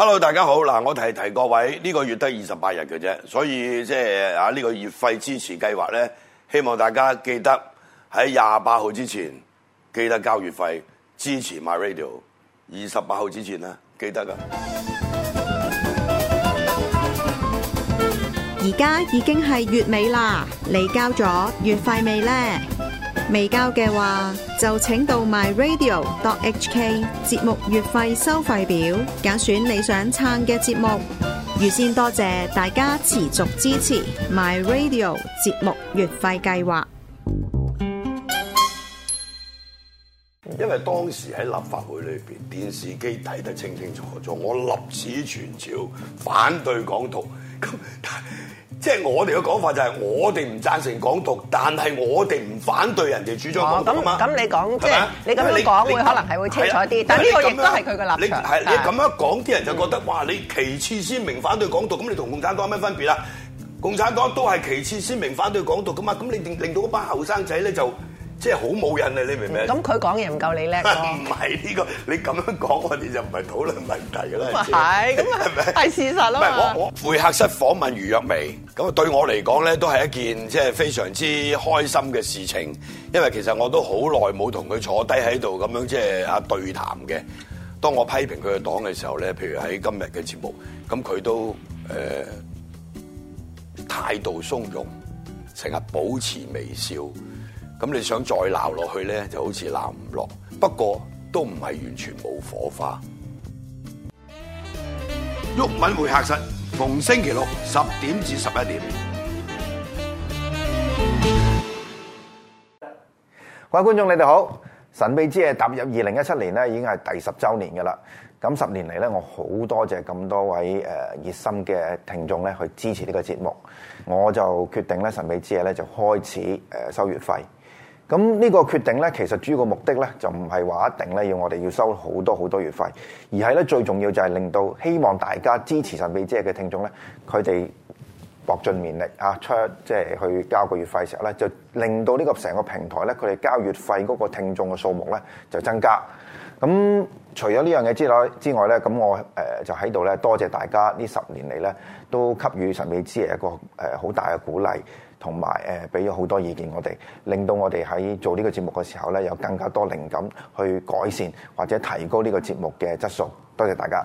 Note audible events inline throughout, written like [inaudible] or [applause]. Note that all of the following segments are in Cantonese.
Hello，大家好。嗱，我提提各位，呢個月得二十八日嘅啫，所以即係啊呢個月費支持計劃咧，希望大家記得喺廿八號之前記得交月費支持 My Radio。二十八號之前咧，記得噶。而家已經係月尾啦，你交咗月費未咧？未交嘅話，就請到 myradio.hk 節目月費收費表，揀選你想撐嘅節目。預先多謝大家持續支持 myradio 節目月費計劃。因為當時喺立法會裏邊，電視機睇得清清楚楚，我立此存照，反對港獨。咁但。即係我哋嘅講法就係，我哋唔贊成港獨，但係我哋唔反對人哋主張港獨啊嘛。咁咁，你講即係你咁樣講會可能係會清楚啲。但係呢個亦都係佢嘅立場。係你咁樣講，啲人就覺得哇，你旗幟鮮明反對港獨，咁你同共產黨有咩分別啊？共產黨都係旗幟鮮明反對港獨噶嘛？咁你令令到嗰班後生仔咧就。即係好冇癮啊！你明唔明啊？咁佢講嘢唔夠你叻。唔係呢個，你咁樣講，我哋就唔係討論問題㗎啦。係是，咁係咪？係事實囉。我我會客室訪問余若薇，咁對我嚟講咧，都係一件即係、就是、非常之開心嘅事情，因為其實我都好耐冇同佢坐低喺度咁樣即係啊對談嘅。當我批評佢嘅黨嘅時候咧，譬如喺今日嘅節目，咁佢都誒、呃、態度鬆容，成日保持微笑。咁你想再鬧落去咧，就好似鬧唔落。不過都唔係完全冇火花。鬱敏會客室，逢星期六十點至十一點。各位觀眾，你哋好！神秘之夜踏入二零一七年咧，已經係第十週年㗎喇。咁十年嚟咧，我好多謝咁多位誒熱心嘅聽眾咧，去支持呢個節目，我就決定咧，神秘之夜咧，就開始誒收月費。咁呢個決定呢，其實主要個目的呢，就唔係話一定呢要我哋要收好多好多月費，而係呢最重要就係令到希望大家支持神秘之夜嘅聽眾呢，佢哋搏盡勉力啊，出即係去交個月費時候呢，就令到呢個成個平台呢，佢哋交月費嗰個聽眾嘅數目呢，就增加。咁除咗呢樣嘢之內之外呢，咁我誒就喺度呢，多謝大家呢十年嚟呢，都給予神秘之夜一個誒好大嘅鼓勵。同埋誒，俾咗好多意見我，我哋令到我哋喺做呢個節目嘅時候呢，有更加多靈感去改善或者提高呢個節目嘅質素。多謝大家。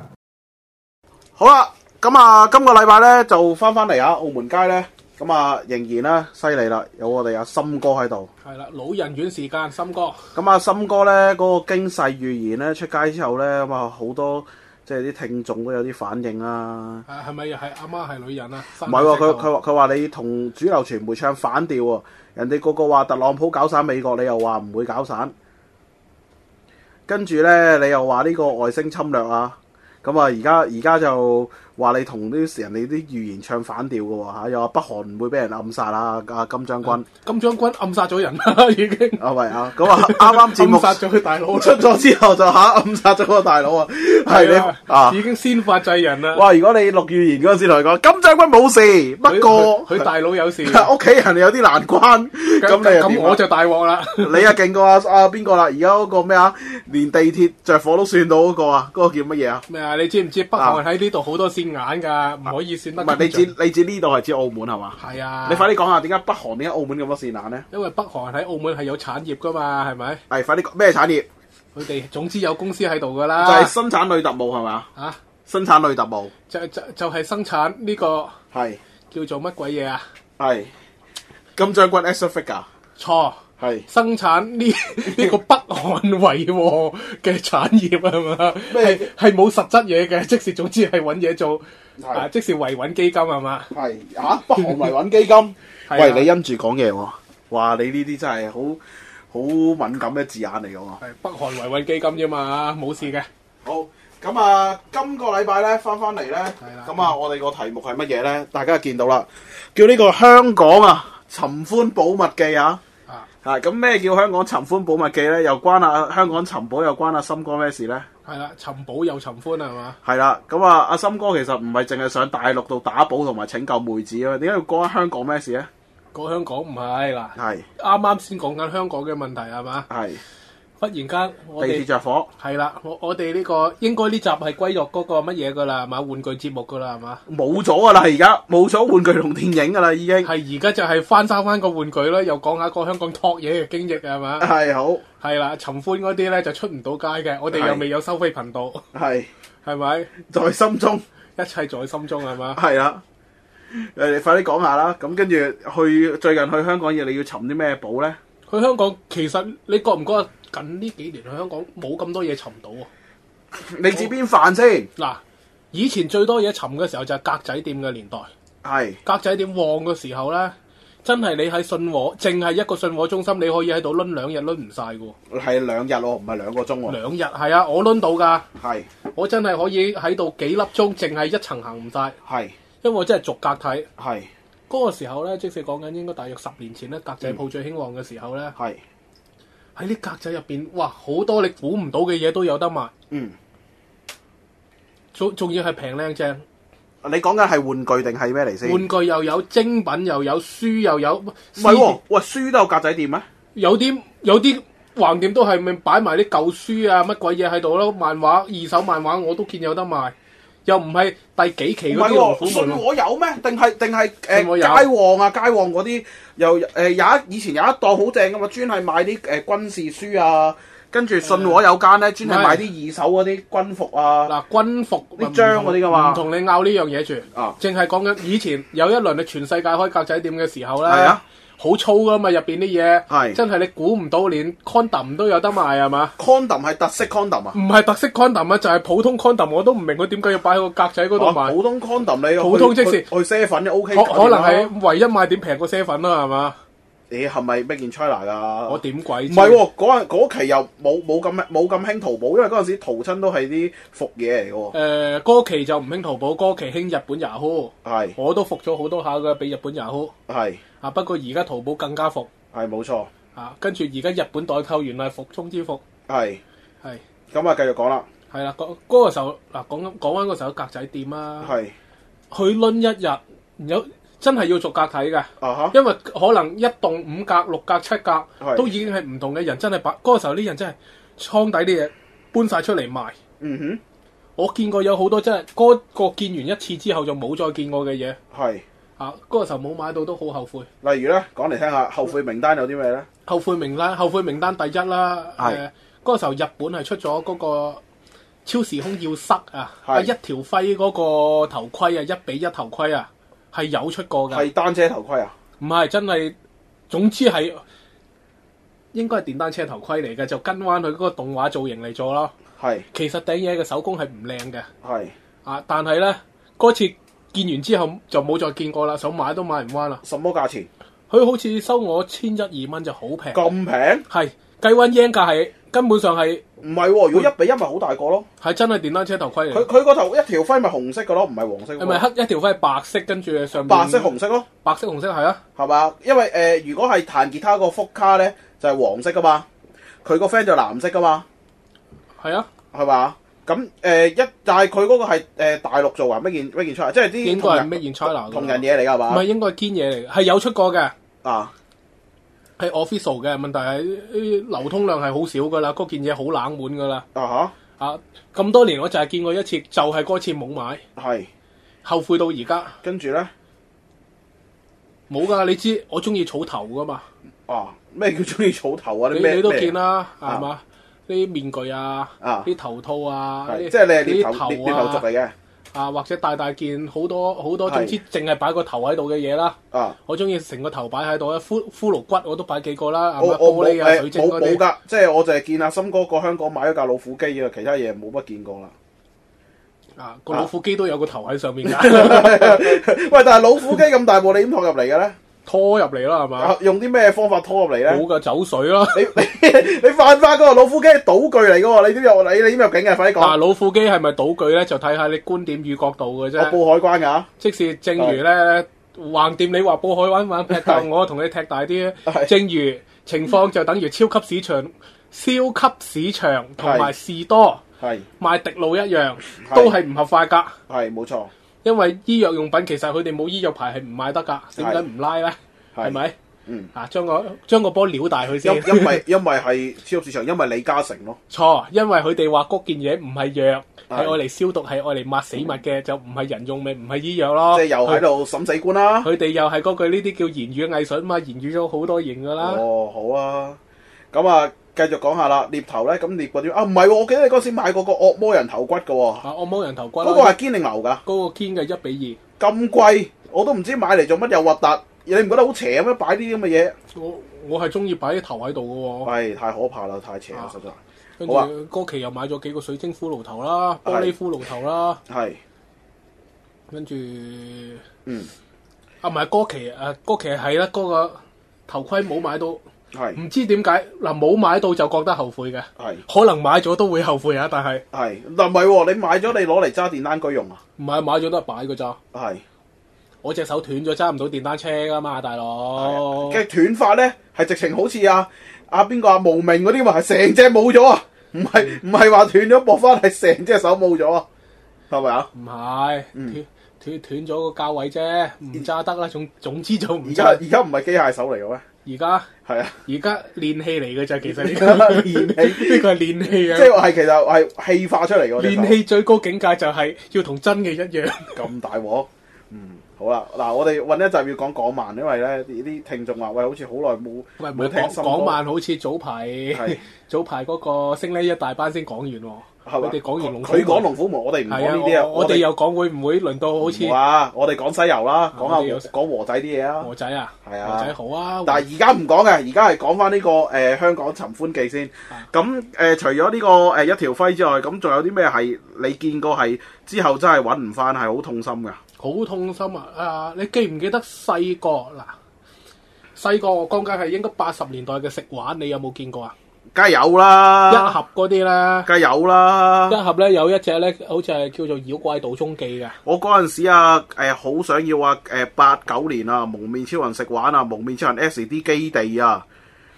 好啦，咁啊，今個禮拜呢，就翻翻嚟啊，澳門街呢，咁啊仍然咧犀利啦，有我哋阿森哥喺度。係啦，老人院時間，森哥。咁啊，森哥呢，嗰、那個驚世預言呢，出街之後呢，咁啊好多。即係啲聽眾都有啲反應啦、啊啊。誒係咪係阿媽係女人啊？唔係喎，佢佢話佢話你同主流傳媒唱反調喎、啊，人哋個個話特朗普搞散美國，你又話唔會搞散，跟住呢，你又話呢個外星侵略啊，咁啊而家而家就。話你同啲人哋啲預言唱反調嘅吓，又話北韓唔會俾人暗殺啦，阿金將軍。金將軍暗殺咗人啦，已經。啊，係啊。咁啊，啱啱暗殺咗佢大佬。出咗之後就吓暗殺咗個大佬啊，係啊，已經先發制人啦。哇，如果你錄預言嗰陣時同你講金將軍冇事，不過佢大佬有事，屋企人有啲難關。咁你咁我就大鑊啦，你又勁過阿阿邊個啦？而家嗰個咩啊？連地鐵着火都算到嗰個啊？嗰個叫乜嘢啊？咩啊？你知唔知北韓喺呢度好多事？眼噶，唔、啊、可以算乜。唔係你指你指呢度係指澳門係嘛？係啊！你快啲講下點解北韓點解澳門咁多線眼咧？因為北韓喺澳門係有產業噶嘛，係咪？係，快啲講咩產業？佢哋總之有公司喺度噶啦。就係生產類特務係咪？嚇！啊、生產類特務就就就係、就是、生產呢、這個係是叫做乜鬼嘢啊？係金將軍 extra figure？錯。係生產呢呢個北韓維和嘅產業啊，係嘛？咩係冇實質嘢嘅？即是總之係揾嘢做啊，即是維穩基金係嘛？係啊，北韓維穩基金。喂，你因住講嘢喎，話你呢啲真係好好敏感嘅字眼嚟嘅喎。係北韓維穩基金啫嘛，冇事嘅。好咁啊，今個禮拜咧翻翻嚟咧，咁啊，我哋個題目係乜嘢咧？大家見到啦，叫呢個香港啊，尋歡保密記啊！啊，咁咩叫香港尋歡保密記咧？又關阿、啊、香港尋寶又關阿、啊、森哥咩事咧？係啦，尋寶又尋歡係嘛？係啦，咁啊，阿森哥其實唔係淨係上大陸度打寶同埋拯救妹子啊，點解要關香港咩事咧？講香港唔係嗱，係啱啱先講緊香港嘅問題係嘛？係。忽然間，地鐵着火。係啦，我我哋呢、這個應該呢集係歸落嗰個乜嘢噶啦，係嘛玩具節目噶啦，係嘛？冇咗噶啦，而家冇咗玩具同電影噶啦，已經係而家就係翻翻翻個玩具啦，又講下個香港托嘢嘅經歷啊，係嘛？係好，係啦，尋歡嗰啲咧就出唔到街嘅，我哋又未有收費頻道，係係咪？ [laughs] 吧在心中，一切在心中，係嘛？係啦，誒，你快啲講下啦，咁跟住去最近去香港嘢你要尋啲咩寶咧？去香港，其實你覺唔覺得近呢幾年去香港冇咁多嘢尋到？啊，你指邊瓣先？嗱，以前最多嘢尋嘅時候就係格仔店嘅年代，係是格仔店旺嘅時候咧，真係你喺信和，淨係一個信和中心，你可以喺度攆兩日攆唔晒嘅喎。係兩,兩日喎，唔係兩個鐘喎。兩日係啊，我攆到㗎，係是我真係可以喺度幾粒鐘，淨係一層行唔晒。係是，因為我真係逐格睇。係。嗰個時候咧，即使講緊應該大約十年前咧，格仔鋪最興旺嘅時候咧，喺啲、嗯、格仔入邊，哇，好多你估唔到嘅嘢都有得賣。嗯，仲仲要係平靚正。你講緊係玩具定係咩嚟先？玩具又有精品，又有書又有，唔喂、哦、喂，書都有格仔店咩？有啲有啲橫掂都係咪擺埋啲舊書啊乜鬼嘢喺度咯？漫畫，二手漫畫我都見有得賣。又唔係第幾期嗰，哦、信和，呃、有咩？定係定係誒？街旺啊，街旺嗰啲又誒，呃、有以前有一檔好正噶嘛，專係買啲誒，呃、軍事書啊。跟住信和有間咧，專係買啲二手嗰啲軍服啊。嗱，嗯，軍服啲些章嗰啲噶嘛，唔同你拗呢樣嘢住。啊！淨係講緊以前有一輪你全世界開格仔店嘅時候啦。係啊！好粗㗎嘛，入邊啲嘢，是真係你估唔到，連 condom 都有得賣係嘛？condom 係特色 condom 啊？唔係特色 condom 啊，就係、是、普通 condom，我都唔明佢點解要擺個格仔嗰度賣。普通 condom 你普通即係去啡粉就 OK 好。可可能係唯一賣點平過啡粉啦，係嘛？你係咪 made in China 㗎啊？我點鬼知？唔係喎，嗰期又冇冇咁冇咁興淘寶，因為嗰陣時淘親都係啲服嘢嚟嘅喎。誒、呃，嗰期就唔興淘寶，嗰期興日本 Yahoo。係是。我都服咗好多下嘅，俾日本 Yahoo。係是。啊，不過而家淘寶更加服。係冇錯。啊，跟住而家日本代購原來服中之服。係是。係是。咁啊，繼續講啦。係啦，嗰嗰、那個時候嗱，講講翻嗰時候格仔店啊。係。佢攆一日有。真係要逐格睇嘅，uh huh. 因為可能一棟五格、六格、七格是都已經係唔同嘅人，真係把嗰個時候啲人真係倉底啲嘢搬晒出嚟賣。嗯哼、uh，huh. 我見過有好多真係嗰個見完一次之後就冇再見過嘅嘢。係是啊，嗰個時候冇買到都好後悔。例如咧，講嚟聽下後悔名單有啲咩呢？ [noise] 後悔名單，後悔名單第一啦。係嗰是、呃、時候日本係出咗嗰個超時空要塞啊，一條輝嗰個頭盔啊，一比一頭盔啊。係有出過嘅，係單車頭盔啊？唔係，真係，總之係應該係電單車頭盔嚟嘅，就跟翻佢嗰個動畫造型嚟做咯。係是，其實頂嘢嘅手工係唔靚嘅。係是，啊，但係呢嗰次見完之後就冇再見過啦，想買都買唔翻啦。什麼價錢？佢好似收我千一二蚊就好平，咁平？係計翻 yen 價係根本上係。唔係喎，如果一比一咪好大個咯，係真係電單車頭盔嚟。佢佢個頭一條灰咪紅色噶咯，唔係黃色。係咪黑一條灰係白色跟住上？白色紅色咯，白色紅色係啊，係嘛？因為誒、呃，如果係彈吉他個福卡咧，就係、係、黃色噶嘛，佢個 friend 就藍色噶嘛，係啊，係嘛？咁誒、呃、一，但係佢嗰個係、呃、大陸做啊乜件乜件出嚟，made in, made in China，即係啲應該係乜件出嚟，同人嘢嚟㗎係嘛？唔係應該係堅嘢嚟嘅，係有出過嘅啊。係 official 嘅，問題係流通量係好少噶啦，嗰件嘢好冷門噶啦。啊哈！啊，咁多年我就係見過一次，就係嗰次冇買，係後悔到而家。跟住咧，冇噶，你知我中意草頭噶嘛？啊，咩叫中意草頭啊？你你都見啦，係嘛？啲面具啊，啲頭套啊，即係你係啲頭啲頭嚟嘅。啊，或者大大件，好多好多，多是總之淨係擺個頭喺度嘅嘢啦。啊、我中意成個頭擺喺度咧，骷骷髏骨我都擺幾個啦。係咪玻璃啊、欸、水晶嗰冇冇噶，些即係我就係見阿森哥過香港買咗架老虎機啊，其他嘢冇乜見過啦。啊，個老虎機都有個頭喺上面。啊、 [laughs] [laughs] 喂，但係老虎機咁大部，你點托入嚟嘅咧？ [laughs] 拖入嚟啦，係嘛？用啲咩方法拖入嚟咧？冇噶，走水啦！你你犯法嗰個老虎機係賭具嚟噶喎，你點入你你點入境嘅？快啲講！老虎機係咪賭具咧？就睇下你觀點與角度嘅啫。我報海關噶，即是正如咧，橫掂你話報海關玩劈，我同你踢大啲。正如情況就等於超級市場、超級市場同埋士多，係賣滴露一樣，都係唔合法噶。係冇錯。因為醫藥用品其實佢哋冇醫藥牌係唔賣得噶，點解唔拉咧？係咪是？吧嗯，啊，將個將個波撩大佢先。因因為因為係超市場，因為李嘉誠咯。錯，因為佢哋話嗰件嘢唔係藥，係愛嚟消毒，係愛嚟抹死物嘅，嗯、就唔係人用嘅，唔係醫藥咯。即係又喺度審死官啦、啊。佢哋又係嗰句呢啲叫言語藝術吖嘛，言語咗好多型噶啦。哦，好啊，咁啊。繼續講下啦，獵頭咧，咁獵骨點啊？唔係、啊，我記得你嗰時買過個惡魔人頭骨噶、啊。吓、啊，惡魔人頭骨、啊。不過係堅定流噶。嗰個堅嘅一比二。咁貴，我都唔知買嚟做乜，又核突。你唔覺得好邪咩？樣擺啲咁嘅嘢？我我係中意擺啲頭喺度噶喎。係太可怕啦，太邪啦，實在。跟住、啊，啊、歌奇又買咗幾個水晶骷髏頭啦，玻璃骷髏頭啦。係是。跟住、啊，嗯，啊唔係歌奇，誒哥奇係啦，嗰個、就是就是、頭盔冇買到。 [laughs] 係唔是知點解嗱冇買到就覺得後悔嘅，係是可能買咗都會後悔啊！但係係嗱唔係，你買咗你攞嚟揸電單車用啊？唔係買咗都係擺噶咋？係我隻手斷咗揸唔到電單車噶嘛，大佬。嘅斷法咧係直情好似啊，阿邊、啊啊、個阿、啊、無名嗰啲嘛，成隻冇咗啊！唔係唔係話斷咗搏翻，係成隻手冇咗啊？係咪啊？唔係斷斷斷咗個價位啫，唔揸得啦。總總,總之就唔揸。而家唔係機械手嚟嘅咩？而家係啊，而家練氣嚟嘅就其實呢個練氣呢個係練氣啊，即係話係其實係氣化出嚟嘅。練氣最高境界就係要同真嘅一樣。咁大鑊，嗯，好啦，嗱，我哋搵一集要講港漫，因為咧啲聽眾話喂，好似是好耐冇，唔係冇聽，港漫好似早排早排嗰個星呢一大班先講完。你哋講完龍，佢講龍虎門，我哋唔講呢啲啊！我哋又講會唔會輪到好似？唔話，我哋講西遊啦，講下講和仔啲嘢啊。和仔啊！係啊！和仔好啊！但係而家唔講嘅，而家係講翻呢個誒香港尋歡記先。咁誒，除咗呢個誒一條輝之外，咁仲有啲咩係你見過係之後真係揾唔翻，係好痛心噶？好痛心啊！啊，你記唔記得細個嗱？細個我講緊係應該八十年代嘅食玩，你有冇見過啊？梗係有啦，一盒嗰啲啦，梗係有啦。一盒咧有一隻咧，好似係叫做《妖怪道中記》嘅。我嗰陣時啊，誒、呃、好想要啊，誒、呃、八九年啊，蒙面超人食玩啊，蒙面超人 S D 基地啊，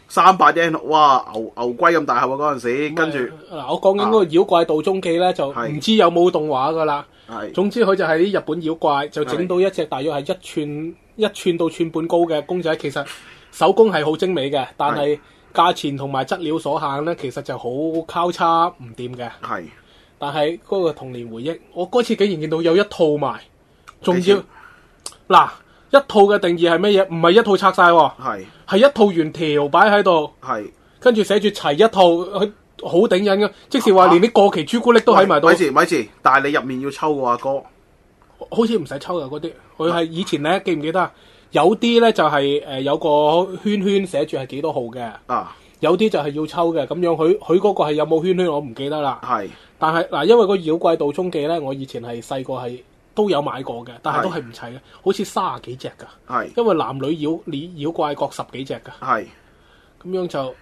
三百円哇，牛牛龜咁大盒啊嗰陣時，嗯、跟住著嗱、啊、我講緊嗰個《妖怪道中記》咧，就唔知有冇動畫噶啦。係是。總之佢就係啲日本妖怪，就整到一隻大約係一吋是是一吋到吋半高嘅公仔，其實手工係好精美嘅，但係是。價錢同埋質料所限呢，其實就好交叉唔掂嘅。係，是但係嗰個童年回憶，我嗰次竟然見到有一套賣，仲要嗱一套嘅定義係乜嘢？唔係一套拆晒、啊，係係是一套原條擺喺度。係是，跟住寫住齊一套，好頂癮嘅。即使話連啲過期朱古力都喺埋度。咪住、啊，但係你入面要抽個阿哥，好似唔使抽嘅嗰啲，佢係以前呢，記唔記得啊？有啲咧就係誒有個圈圈寫住係幾多號嘅，啊、有啲就係要抽嘅咁樣。佢佢嗰個係有冇圈圈，我唔記得啦。係是，但係嗱，因為個《妖怪道中記》咧，我以前係細個係都有買過嘅，但係都係唔齊嘅，好似三十幾隻㗎。係是，因為男女妖你妖怪各十幾隻㗎。係是，咁樣就，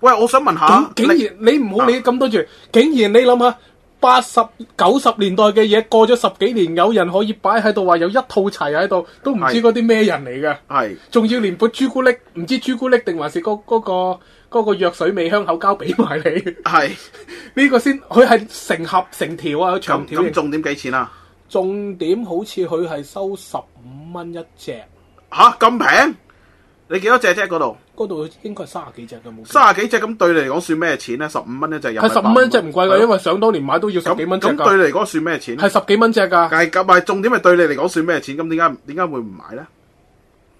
喂，我想問下，竟然你唔好理咁多住，竟然你諗下？八十九十年代嘅嘢，過咗十幾年，有人可以擺喺度話有一套齊喺度，都唔知嗰啲咩人嚟嘅，係仲是要連杯朱古力，唔知朱古力定還是嗰、嗰、嗰個、嗰個藥水味香口膠俾埋你，係呢是 [laughs] 個先，佢係成盒成條啊長條咁 [laughs] 重點幾錢啊？重點好似佢係收十五蚊一隻，吓咁平，你幾多隻啫嗰度？嗰度應該係三十幾隻嘅冇。三十幾隻咁對你嚟講算咩錢呢？十五蚊一隻又係。係十五蚊一隻唔貴啦，的因為想當年買都要十幾蚊咁，咁對你嚟講算咩錢？係十幾蚊隻㗎。但係咁，係重點係對你嚟講算咩錢？咁點解點解會唔買呢？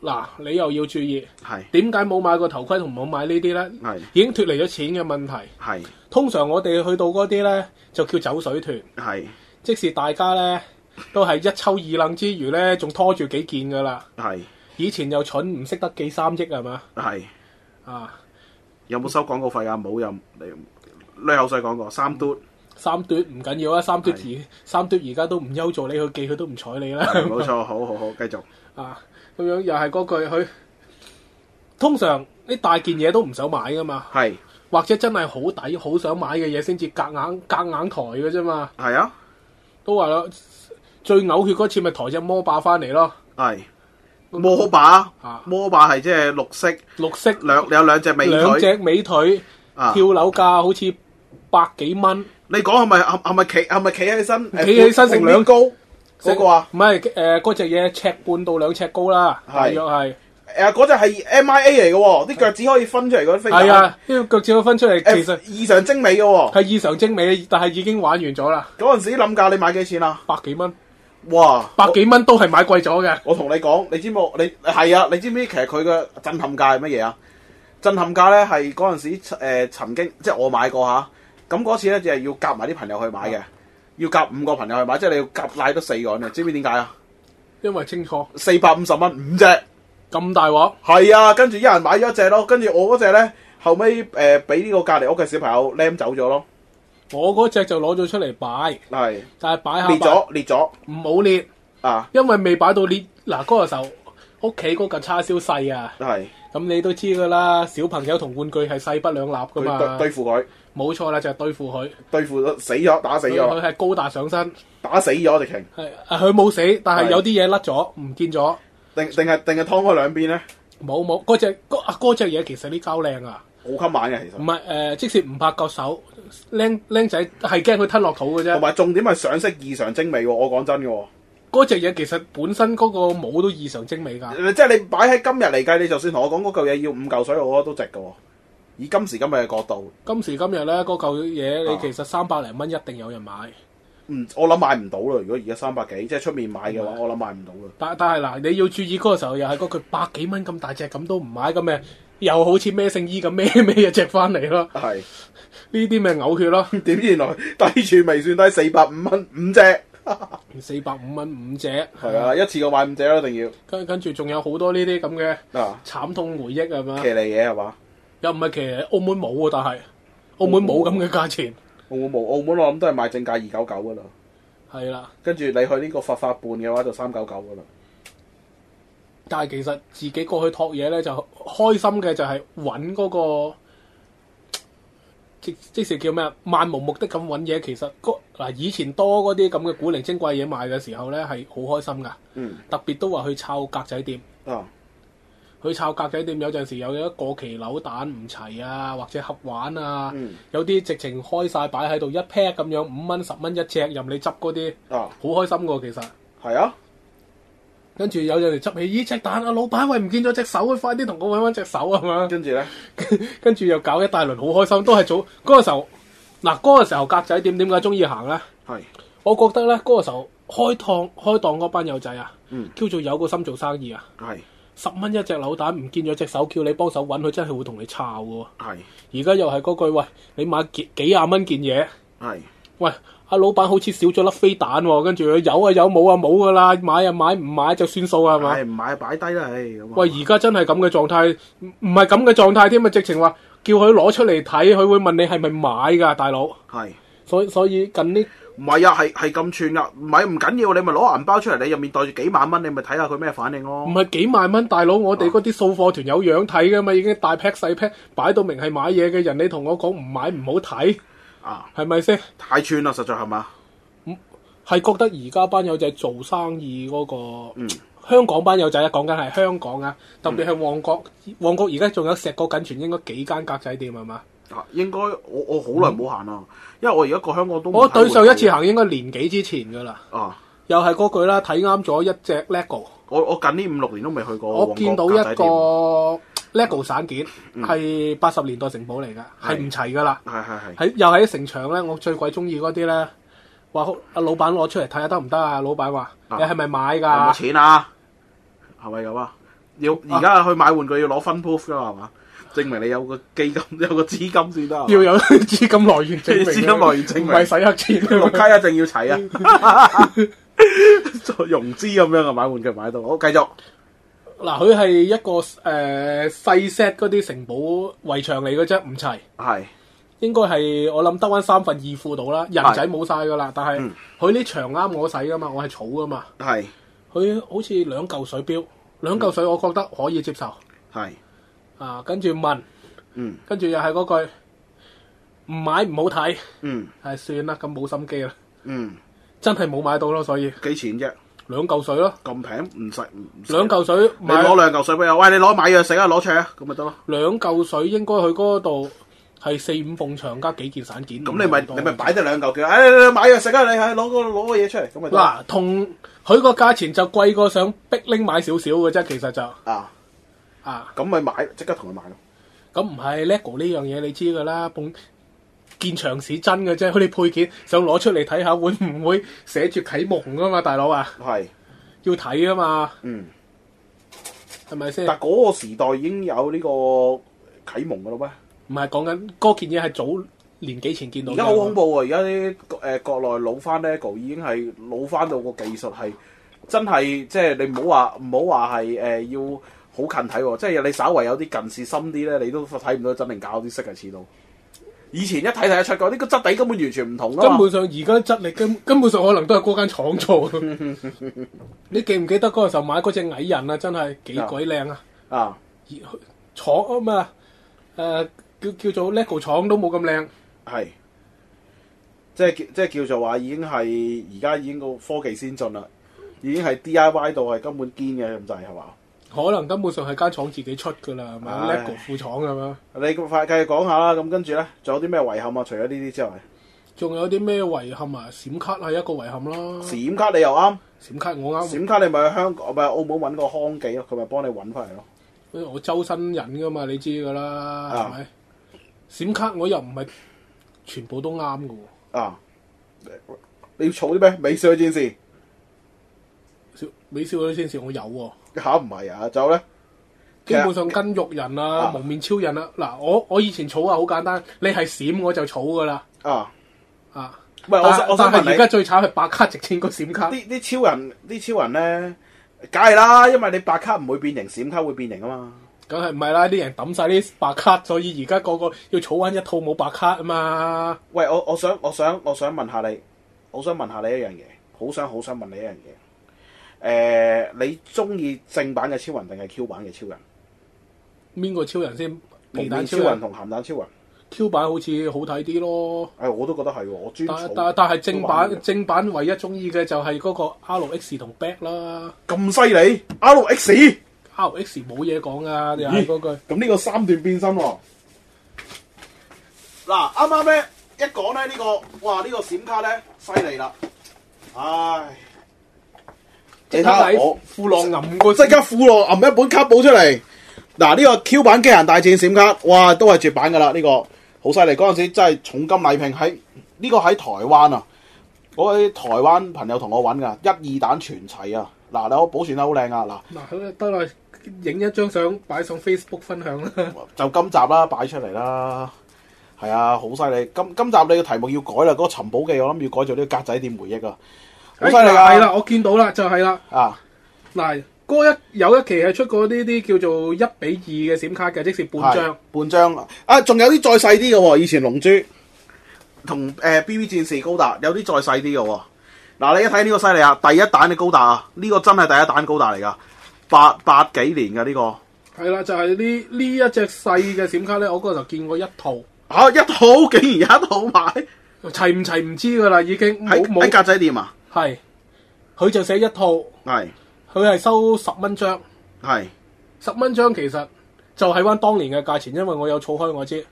嗱、啊，你又要注意。係是。點解冇買過頭盔同冇買呢啲呢？係是。已經脫離咗錢嘅問題。係是。通常我哋去到嗰啲呢，就叫走水團。係是。是即使大家呢，都係一抽二冷之餘呢，仲拖住幾件㗎啦。係。以前又蠢唔識得寄三億係嘛？係啊，有冇收廣告費啊？冇又你口水講過三多，三多唔緊要啊，三多而三多而家都唔優助你去寄，佢都唔睬你啦。冇錯，好好好，繼續啊，咁樣又係嗰句，佢通常呢大件嘢都唔想買噶嘛，係或者真係好抵好想買嘅嘢先至夾硬夾硬抬㗎啫嘛。係啊，都話啦，最嘔血嗰次咪抬隻魔霸翻嚟咯，係。摩把，摩把係即係綠色，綠色，兩有兩隻美腿，兩隻美腿，跳樓價好似百幾蚊。你講，係咪係咪企，係咪企起身，企起身成兩高，嗰個啊？唔係，誒嗰隻嘢尺半到兩尺高啦，係約係。誒嗰隻係 M I A 嚟嘅，啲腳趾可以分出嚟嗰啲飛。係啊，啲腳趾可以分出嚟，其實異常精美嘅。係異常精美，但係已經玩完咗啦。嗰陣時諗價，你買幾錢啊？百幾蚊。哇，百幾蚊都係買貴咗嘅。我同你講，你知冇？你係啊，你知唔知其實佢嘅震撼價係乜嘢啊？震撼價咧係嗰陣時、呃，曾經即係我買過嚇。咁、啊、嗰次咧就係要夾埋啲朋友去買嘅，嗯、要夾五個朋友去買，即係你要夾曬都四個人啊。知唔知點解啊？為因為清楚四百五十蚊五隻咁大鑊。係啊，跟住一人買咗一隻咯。跟住我嗰隻咧，後尾誒俾呢個隔離屋嘅小朋友攆走咗咯。我嗰隻就攞咗出嚟擺，係，但係擺下裂咗裂咗，唔好裂啊！因為未擺到裂，嗱嗰個時候屋企嗰架叉燒細啊，係，咁你都知噶啦，小朋友同玩具係勢不兩立噶嘛，對付佢，冇錯啦，就係對付佢，對付死咗，打死咗，佢係高達上身，打死咗直情，係，佢冇死，但係有啲嘢甩咗，唔見咗，定定係定係劏開兩邊咧？冇冇，嗰隻隻嘢其實啲膠靚啊，好襟玩嘅其實，唔係誒，即使唔拍夠手。僆僆仔係驚佢吞落肚嘅啫，同埋重點係上色異常精美。我講真嘅，嗰隻嘢其實本身嗰個帽都異常精美噶。即係你擺喺今日嚟計，你就算同我講嗰嚿嘢要五嚿水，我覺得都值嘅。以今時今日嘅角度，今時今日咧，嗰嚿嘢你其實三百零蚊一定有人買。嗯、啊，我諗買唔到啦。如果而家三百幾，即係出面買嘅話，嗯、我諗買唔到啦。但但係嗱，你要注意嗰個時候又係嗰句百幾蚊咁大隻，咁都唔買咁嘅，又，又好似咩聖衣咁咩咩一隻翻嚟咯。係。呢啲咪嘔血咯？點知 [laughs] 原來低處未算低，四百五蚊五隻， [laughs] 四百五蚊五隻，係啊！一次過買五隻咯，一定要跟跟住仲有好多呢啲咁嘅慘痛回憶係咪啊？騎嚟嘢係嘛？奇又唔係騎嚟？澳門冇嘅，但係澳門冇咁嘅價錢，澳門冇澳門，澳門澳門我諗都係賣正價二九九噶啦。係啦、啊，跟住你去呢個發發半嘅話就三九九噶啦。但係其實自己過去托嘢咧，就開心嘅就係揾嗰個。即即是叫咩啊？漫無目的咁揾嘢，其實嗱，以前多嗰啲咁嘅古靈精怪嘢賣嘅時候咧，係好開心噶。嗯。特別都話去湊格仔店。啊。去湊格仔店有陣時又有過期扭蛋唔齊啊，或者盒玩啊。嗯。有啲直情開晒擺喺度一 pack 咁樣，五蚊十蚊一隻任你執嗰啲。啊。好開心㗎，其實。係啊。跟住有人嚟執起呢隻、哎、蛋啊，老闆，喂唔見咗隻手啊，快啲同我揾翻隻手啊，係嘛？跟住咧， [laughs] 跟住又搞一大輪，好開心。都係早嗰、那個時候，嗱、啊、嗰、那個時候格仔店點解中意行咧？係，是我覺得咧嗰、那個時候開檔開檔嗰班友仔啊，嗯、叫做有個心做生意啊。係是，十蚊一隻扭蛋唔見咗隻手，叫你幫手揾佢，真係會同你炒喎。係是，而家又係嗰句喂，你買幾幾廿蚊件嘢？係是。喂，阿老闆好似少咗粒飛彈，跟住有啊有，冇啊冇噶啦，買啊買，唔買就算數啊，係嘛？係唔、哎、買擺低啦，唉、哎、喂，而家真係咁嘅狀態，唔唔係咁嘅狀態添啊！直情話叫佢攞出嚟睇，佢會問你係咪買噶，大佬？係是，所以所以近呢？唔係啊，係係咁串噶，唔係唔緊要，你咪攞銀包出嚟，你入面袋住幾萬蚊，你咪睇下佢咩反應咯、啊。唔係幾萬蚊，大佬，我哋嗰啲掃貨團有樣睇噶嘛，已經大 pack 細 pack 擺到明係買嘢嘅人，你同我講唔買唔好睇。啊，係咪先？太串啦，實在係嘛。嗯，係覺得而家班友仔做生意嗰、那個，嗯，香港班友仔、就、咧、是，講緊係香港嘅、啊，特別係旺角，嗯、旺角而家仲有碩果僅存，應該幾間格仔店係嘛。啊，應該我我好耐冇行啦，嗯、因為我而家過香港都我對上一次行應該年幾之前噶啦。啊，又係嗰句啦，睇啱咗一隻 Lego 我我近呢五六年都未去過格格，我見到一個。lego 散、嗯、件係八十年代城堡嚟噶，係唔齊噶啦。係係係喺又喺城牆咧，我最鬼中意嗰啲咧。話好阿老闆攞出嚟睇下得唔得啊？老闆話、啊、你係咪買噶？有冇錢啊？係咪有啊？要而家去買玩具要攞分 proof 噶係嘛？證明你有個基金有個資金先得。要有資金來源證明資金來源證明咪 [laughs] 洗黑錢。落街啊，一定要齊啊，做 [laughs] [laughs] 融資咁樣啊，買玩具買到好繼續。嗱，佢係在裡面、啊、一個誒細 set 嗰啲城堡圍牆嚟嘅啫，唔齊係，對 應該係我諗得翻三分二褲到啦，人仔冇晒噶啦，但係佢呢牆啱我使噶嘛，我係儲噶嘛，係佢對 好似兩嚿水標，兩嚿水我覺得可以接受，係對 啊，跟住問，嗯，跟住又係嗰句唔買唔好睇，嗯對，係算啦，咁冇心機啦，嗯，真係冇買到咯，所以幾錢啫？兩嚿水咯，咁平唔使唔兩嚿水，咪攞兩嚿水俾我，喂，你攞買藥食啊，攞出去啊，咁咪得咯。兩嚿水應該佢嗰度係四五埲牆加幾件散件。咁你咪多你咪擺啲兩嚿嘅，啊、哎買藥食啊，你哎攞個攞個嘢出嚟，咁咪得。嗱、啊，同佢個價錢就貴過想逼拎買少少嘅啫，其實就啊啊。咁咪、啊、買，即刻同佢買咯。咁唔係 Lego 呢樣嘢你知噶啦，碰。見長是真嘅啫，佢啲配件想攞出嚟睇下，會唔會寫住《啟蒙》㗎嘛，大佬啊，係是要睇㗎嘛，嗯，係咪先？但嗰個時代已經有呢個《啟蒙》㗎喇咩？唔係講緊嗰件嘢係早年幾前見到嘅。而家好恐怖喎！而家啲誒國內老翻呢個已經係老翻到個技術係真係，即係你唔好話唔好話係誒要好近睇，即係你稍為有啲近視深啲咧，你都睇唔到真定假嗰啲色係遲到。以前一睇睇得出噶，呢、這個質地根本完全唔同咯，啊。根本上而家質力根本 [laughs] 根本上可能都係嗰間廠做。 [laughs] 你記唔記得嗰個時候買嗰隻矮人啊？真係幾鬼靚啊！啊，而廠咁啊，誒、呃、叫叫做 LEGO 廠都冇咁靚。係，即係即係叫做話已經係而家已經個科技先進啦，已經係 DIY 到係根本堅嘅咁滯係嘛。可能根本上係間廠自己出噶啦，係咪、啊？Lego 副廠咁樣。你快繼續講下啦，咁跟住咧，仲有啲咩遺憾啊？除咗呢啲之外，仲有啲咩遺憾啊？閃卡係一個遺憾啦、啊。閃卡你又啱，閃卡我啱。閃卡你咪去香港咪澳門搵個康記咯，佢咪幫你搵翻嚟咯。我周身癮噶嘛，你知噶啦，係咪、啊？閃卡我又唔係全部都啱噶。啊！你要儲啲咩？美少女戰士，美少女戰士我有喎、啊。考唔係啊，就咧基本上跟肉人啊、啊蒙面超人啊。嗱，我我以前儲啊，好簡單，你係閃我就儲噶啦。啊啊，啊喂，但我想問而家最慘係白卡值錢過閃卡。啲啲超人，啲超人咧，梗係啦，因為你白卡唔會變形，閃卡會變形啊嘛。梗係唔係啦，啲人抌晒啲白卡，所以而家個個要儲翻一套冇白卡啊嘛。喂，我我，我，我想我想我想問下你，我想問下你一樣嘢，好想好想問你一樣嘢。誒、呃，你中意正版嘅超人定係 Q 版嘅超人？邊個超人先？皮蛋超人同咸蛋超人？Q 版好似好睇啲咯。誒、哎，我都覺得係，我專但但但係正版正版唯一中意嘅就係嗰個 R X 同 Back 啦。咁犀利？R X R X 冇嘢講噶，又係嗰句。咁呢個三段變身喎。嗱、啊，啱啱咧一講咧呢、呢個，哇！呢個、閃呢個閃卡咧犀利啦，唉。你睇我富浪揞個，即刻富浪揞一本卡簿出嚟。嗱呢、啊呢個 Q 版機人大戰閃卡，哇都係絕版噶啦呢個，好犀利！嗰陣時真係重金禮聘喺呢個喺台灣啊，我啲台灣朋友同我搵噶一二彈全齊啊！嗱，你我保存得好靚啊！嗱嗱好啦，得、啊、啦，影、啊、一張相擺上 Facebook 分享啦。 [laughs] 就今集啦，擺出嚟啦。係啊，好犀利！今今集你嘅題目要改啦，嗰、嗰個尋寶記我諗要改做呢個格仔店回憶啊。好犀利啊！係啦，我見到啦，就係、是、啦。啊，嗱，嗰一有一期係出過呢啲叫做一比二嘅閃卡嘅，即是半張，半張啊！啊，仲有啲再細啲嘅，以前龍珠同誒、呃、B B 戰士高達，有啲再細啲嘅。嗱、啊，你一睇呢個犀利啊！第一彈嘅高達啊，呢、這個真係第一彈高達嚟噶，八八幾年嘅呢、這個。係啦，就係、是、呢呢一隻細嘅閃卡咧，我嗰日就見過一套。吓、啊、一套竟然一套買，齊唔齊唔知噶啦，已經喺冇。格仔店啊。係，佢就寫一套，係是，佢係收十蚊張，係是，十蚊張其實就係翻當年嘅價錢，因為我有儲開我知。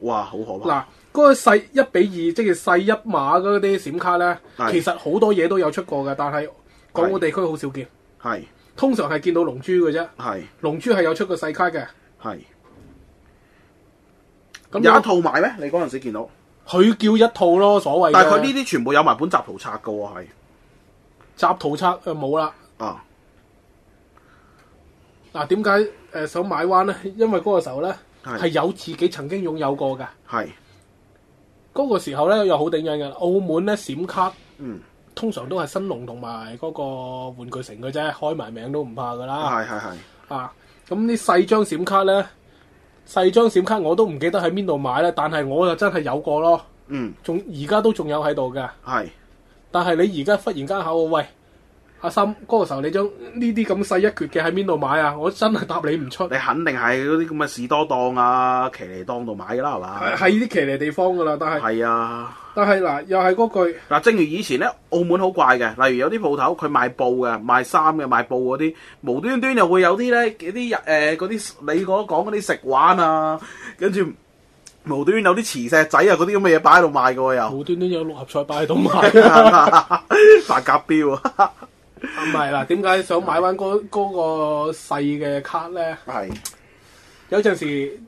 哇，好可怕！嗱，嗰個細一比二，即係細一碼嗰啲閃卡咧，是其實好多嘢都有出過嘅，但係港澳地區好少見。係是，通常係見到龍珠嘅啫。係是，龍珠係有出過細卡嘅。係是，麼有一套埋咩？你嗰陣時見到，佢叫一套咯，所謂。但係佢呢啲全部有埋本集圖冊噶，我係。集圖冊就冇啦。啊，嗱，點解誒想買翻咧？因為嗰個時候咧係，是有自己曾經擁有過嘅。係嗰是個時候咧又好頂癮嘅，澳門咧閃卡，通常都係新龍同埋嗰個玩具城嘅啫，開埋名都唔怕嘅啦。係係係啊！咁啲、嗯、細張閃卡咧，細張閃卡我都唔記得喺邊度買啦，但係我又真係有過咯。嗯，仲而家都仲有喺度嘅。係。但係你而家忽然間考我，喂，阿森，嗰個時候你將呢啲咁細一缺嘅喺邊度買啊？我真係答你唔出。你肯定係嗰啲咁嘅士多檔啊、騎呢檔度買㗎啦，係嘛？係係啲騎呢地方㗎啦，但係。係啊。但係嗱，又係嗰句。嗱，正如以前咧，澳門好怪嘅，例如有啲鋪頭佢賣布嘅、賣衫嘅、賣布嗰啲，無端端又會有啲咧嗰啲日誒啲你所講嗰啲食玩啊，跟住。無端端有啲磁石仔啊，嗰啲咁嘅嘢擺喺度賣嘅喎，又無端端有六合彩擺喺度賣，大 [laughs] [laughs] 甲標啊！唔係啦，點解想買翻嗰嗰個細嘅是的 卡咧？係是的 有陣時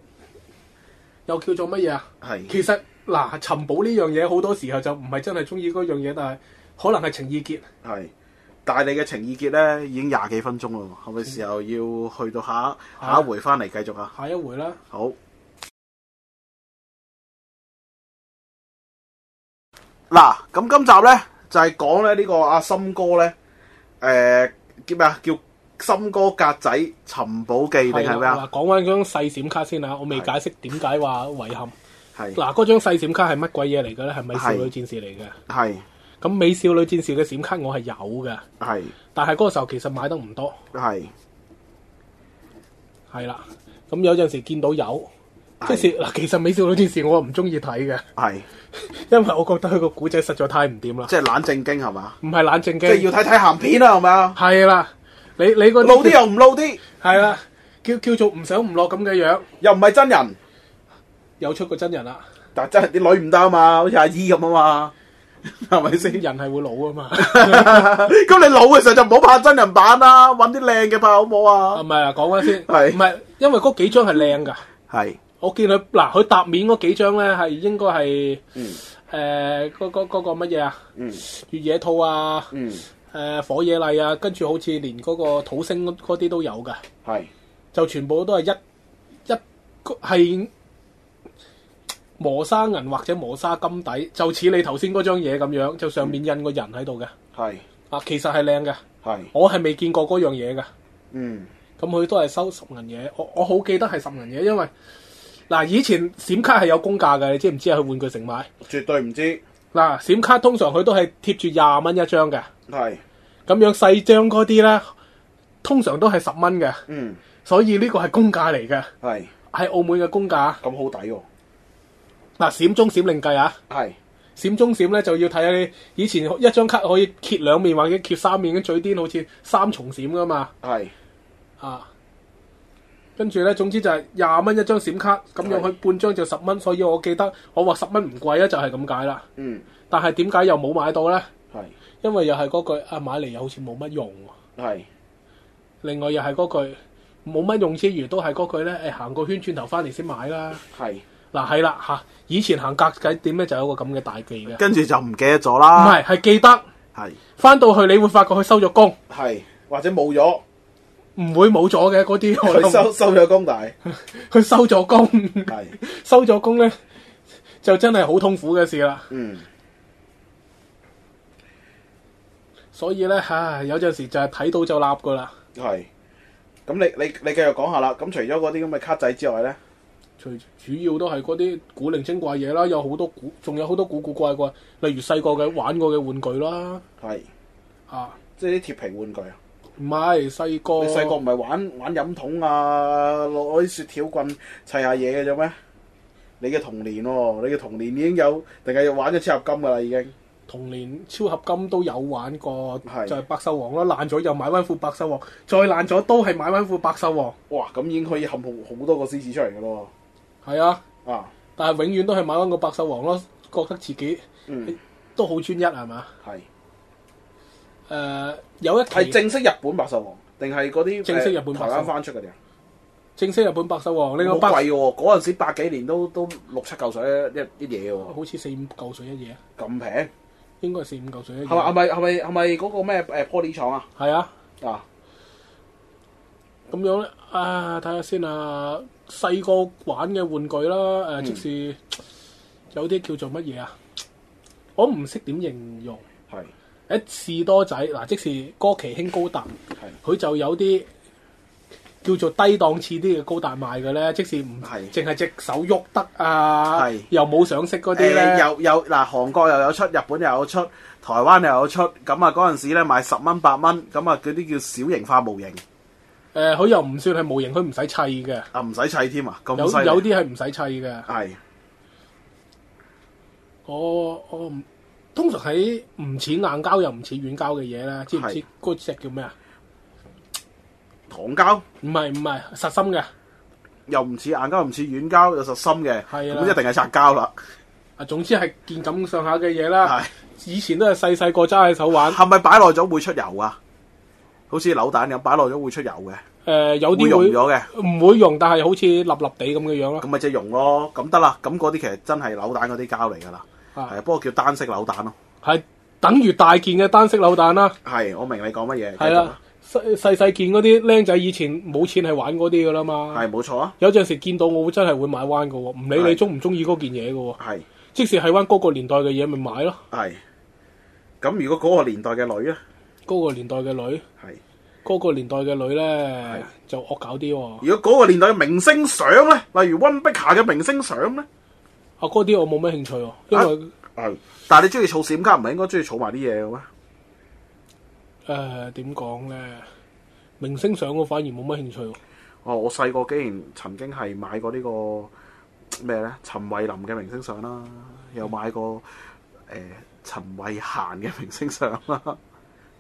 又叫做乜嘢啊？係是的 其實嗱，尋寶呢樣嘢好多時候就唔係真係中意嗰樣嘢，但係可能係情意結。係，但係你嘅情意結咧已經廿幾分鐘咯，係咪時候要去到下下一回翻嚟繼續啊？下一回啦，啊，好。嗱，咁今集咧就係講咧呢個阿森哥咧，誒叫咩啊？呃、叫森哥格仔尋寶記定係咩啊？講翻嗰張細閃卡先啊！我未解釋點解話遺憾。係嗱是，嗰張細閃卡係乜鬼嘢嚟嘅咧？係美少女戰士嚟嘅？係咁，美少女戰士嘅閃卡我係有嘅。係是，但係嗰個時候其實買得唔多。係是，係啦、啊，咁有陣時見到有。即嗱，其實美少女戰士我唔中意睇嘅，係因為我覺得佢個古仔實在太唔掂啦。即係冷正經係嘛？唔係冷正經，即係要睇睇咸片啦，係咪啊？係啦，你你嗰啲老啲又唔老啲，係啦，叫叫做唔上唔落咁嘅樣，又唔係真人，又出過真人啦。但真係啲女唔得啊嘛，好似阿姨咁啊嘛，係咪先？人係會老啊嘛，咁你老嘅時候就唔好拍真人版啦，揾啲靚嘅拍好冇啊？唔係啊，講翻先，係唔係？因為嗰幾張係靚噶，係。我見佢嗱，佢搭面嗰幾張咧，係應該係誒嗰嗰嗰個乜嘢啊？月野兔啊，誒火野麗啊，跟住好似連嗰個土星嗰嗰啲都有㗎。係就全部都係一一個係磨砂銀或者磨砂金底，就似你頭先嗰張嘢咁樣，就上面印個人喺度嘅。係啊，其實係靚嘅。係我係未見過嗰樣嘢㗎。嗯，咁佢都係收十銀嘢，我我好記得係十銀嘢，因為。嗱，以前閃卡係有公價嘅，你知唔知喺玩具城買？絕對唔知。嗱、啊，閃卡通常佢都係貼住廿蚊一張嘅。係是。咁樣細張嗰啲咧，通常都係十蚊嘅。嗯。所以呢個係公價嚟嘅。係是。係澳門嘅公價。咁好抵喎。嗱，閃中閃另計啊。係、啊。閃中閃咧、啊、是就要睇下你以前一張卡可以揭兩面，或者揭三面，最癲好似三重閃噶嘛。係是。啊。跟住咧，總之就係廿蚊一張閃卡，咁樣佢半張就十蚊，所以我記得我話十蚊唔貴啊，就係咁解啦。嗯。但係點解又冇買到呢？係是。因為又係嗰句，阿、啊、買嚟又好似冇乜用、啊。係是。另外又係嗰句，冇乜用之餘，都係嗰句咧，行、哎、個圈轉頭翻嚟先買啦。係是。嗱係啦吓，以前行格仔點呢就有個咁嘅大忌嘅。跟住就唔記得咗啦。唔係，係記得。係是。翻到去你會發覺佢收咗工。係，或者冇咗。唔會冇咗嘅嗰啲，佢收收咗工大，佢 [laughs] 收咗工，是 [laughs] 收咗工咧就真係好痛苦嘅事啦。嗯，所以咧，吓、啊、有陣時就係睇到就立噶啦。係，咁你你你繼續講下啦。咁除咗嗰啲咁嘅卡仔之外咧，除主要都係嗰啲古靈精怪嘢啦，有好多古，仲有好多古古怪怪，例如細個嘅玩過嘅玩具啦，係是啊，即係啲鐵皮玩具啊。唔係細個，你細個唔係玩玩飲筒啊，攞啲雪條棍砌下嘢嘅啫咩？你嘅童年喎、哦，你嘅童年已經有，定係玩咗超合金噶啦已經。童年超合金都有玩過，是就係百獸王咯，爛咗又買翻副百獸王，再爛咗都係買翻副百獸王。哇，咁已經可以含好好多個獅子出嚟噶咯。係啊，啊，但係永遠都係買翻個百獸王咯，覺得自己、嗯、都好專一係嘛。係。誒、呃，有一期係正式日本百獸王，定係嗰啲正式日本台灣、呃、翻出啲啊？正式日本百獸王呢個好貴喎，嗰陣、啊、時百幾年都都六七嚿水一一嘢喎、啊，好似四五嚿水一嘢咁平，應該係四五嚿水一嘢係咪係咪係咪係咪嗰個咩誒、呃、玻璃廠啊？係啊,啊，啊，咁樣咧啊，睇下先啊，細個玩嘅玩具啦，誒、啊，即是、嗯、有啲叫做乜嘢啊？我唔識點形容。一士多仔嗱，即係歌崎兄高達，佢的就有啲叫做低檔次啲嘅高達賣嘅咧，即係唔係，淨係隻手喐得啊，的又冇上色嗰啲咧，又有，嗱、啊，韓國又有出，日本又有出，台灣又有出，咁啊嗰陣時咧買十蚊八蚊，咁啊嗰啲叫小型化模型。誒、呃，佢又唔算係模型，佢唔使砌嘅。啊，唔使砌添啊，有有啲係唔使砌嘅。係的的。我我唔。通常喺唔似硬膠又唔似軟膠嘅嘢啦，知唔知嗰隻叫咩啊？糖膠膠？唔係唔係，實心嘅，又唔似硬膠，唔似軟膠，又實心嘅，咁的一定係拆膠啦。啊，總之係見咁上下嘅嘢啦。係的以前都係細細個揸喺手玩。係咪擺耐咗會出油啊？好似扭蛋咁，擺耐咗會出油嘅。誒、呃，有啲溶咗嘅，唔會溶，但係好似立立地咁嘅樣咯。咁咪即係融咯，咁得啦。咁嗰啲其實真係扭蛋嗰啲膠嚟㗎啦。係，不過叫單色扭蛋咯，係等於大件嘅單色扭蛋啦。係，我明你講乜嘢。係啦，細細細件嗰啲僆仔以前冇錢係玩嗰啲噶啦嘛。係，冇錯啊。有陣時見到我會，真係會買彎噶，唔理你中唔中意嗰件嘢噶。係的，即使係彎嗰個年代嘅嘢，咪買咯。係，咁如果嗰個年代嘅女咧，嗰個年代嘅女，係的，嗰個年代嘅女咧的就惡搞啲、啊。如果嗰個年代嘅明星相咧，例如溫碧霞嘅明星相咧。嗰啲、啊、我冇咩興趣喎，因為、啊啊、但係你中意儲閃卡，唔係應該中意儲埋啲嘢嘅咩？誒、呃，點講咧？明星相我反而冇乜興趣。哦、啊，我細個竟然曾經係買過、這個、呢個咩咧？陳慧琳嘅明星相啦、啊，嗯、又買過誒陳、呃、慧嫻嘅明星相啦、啊。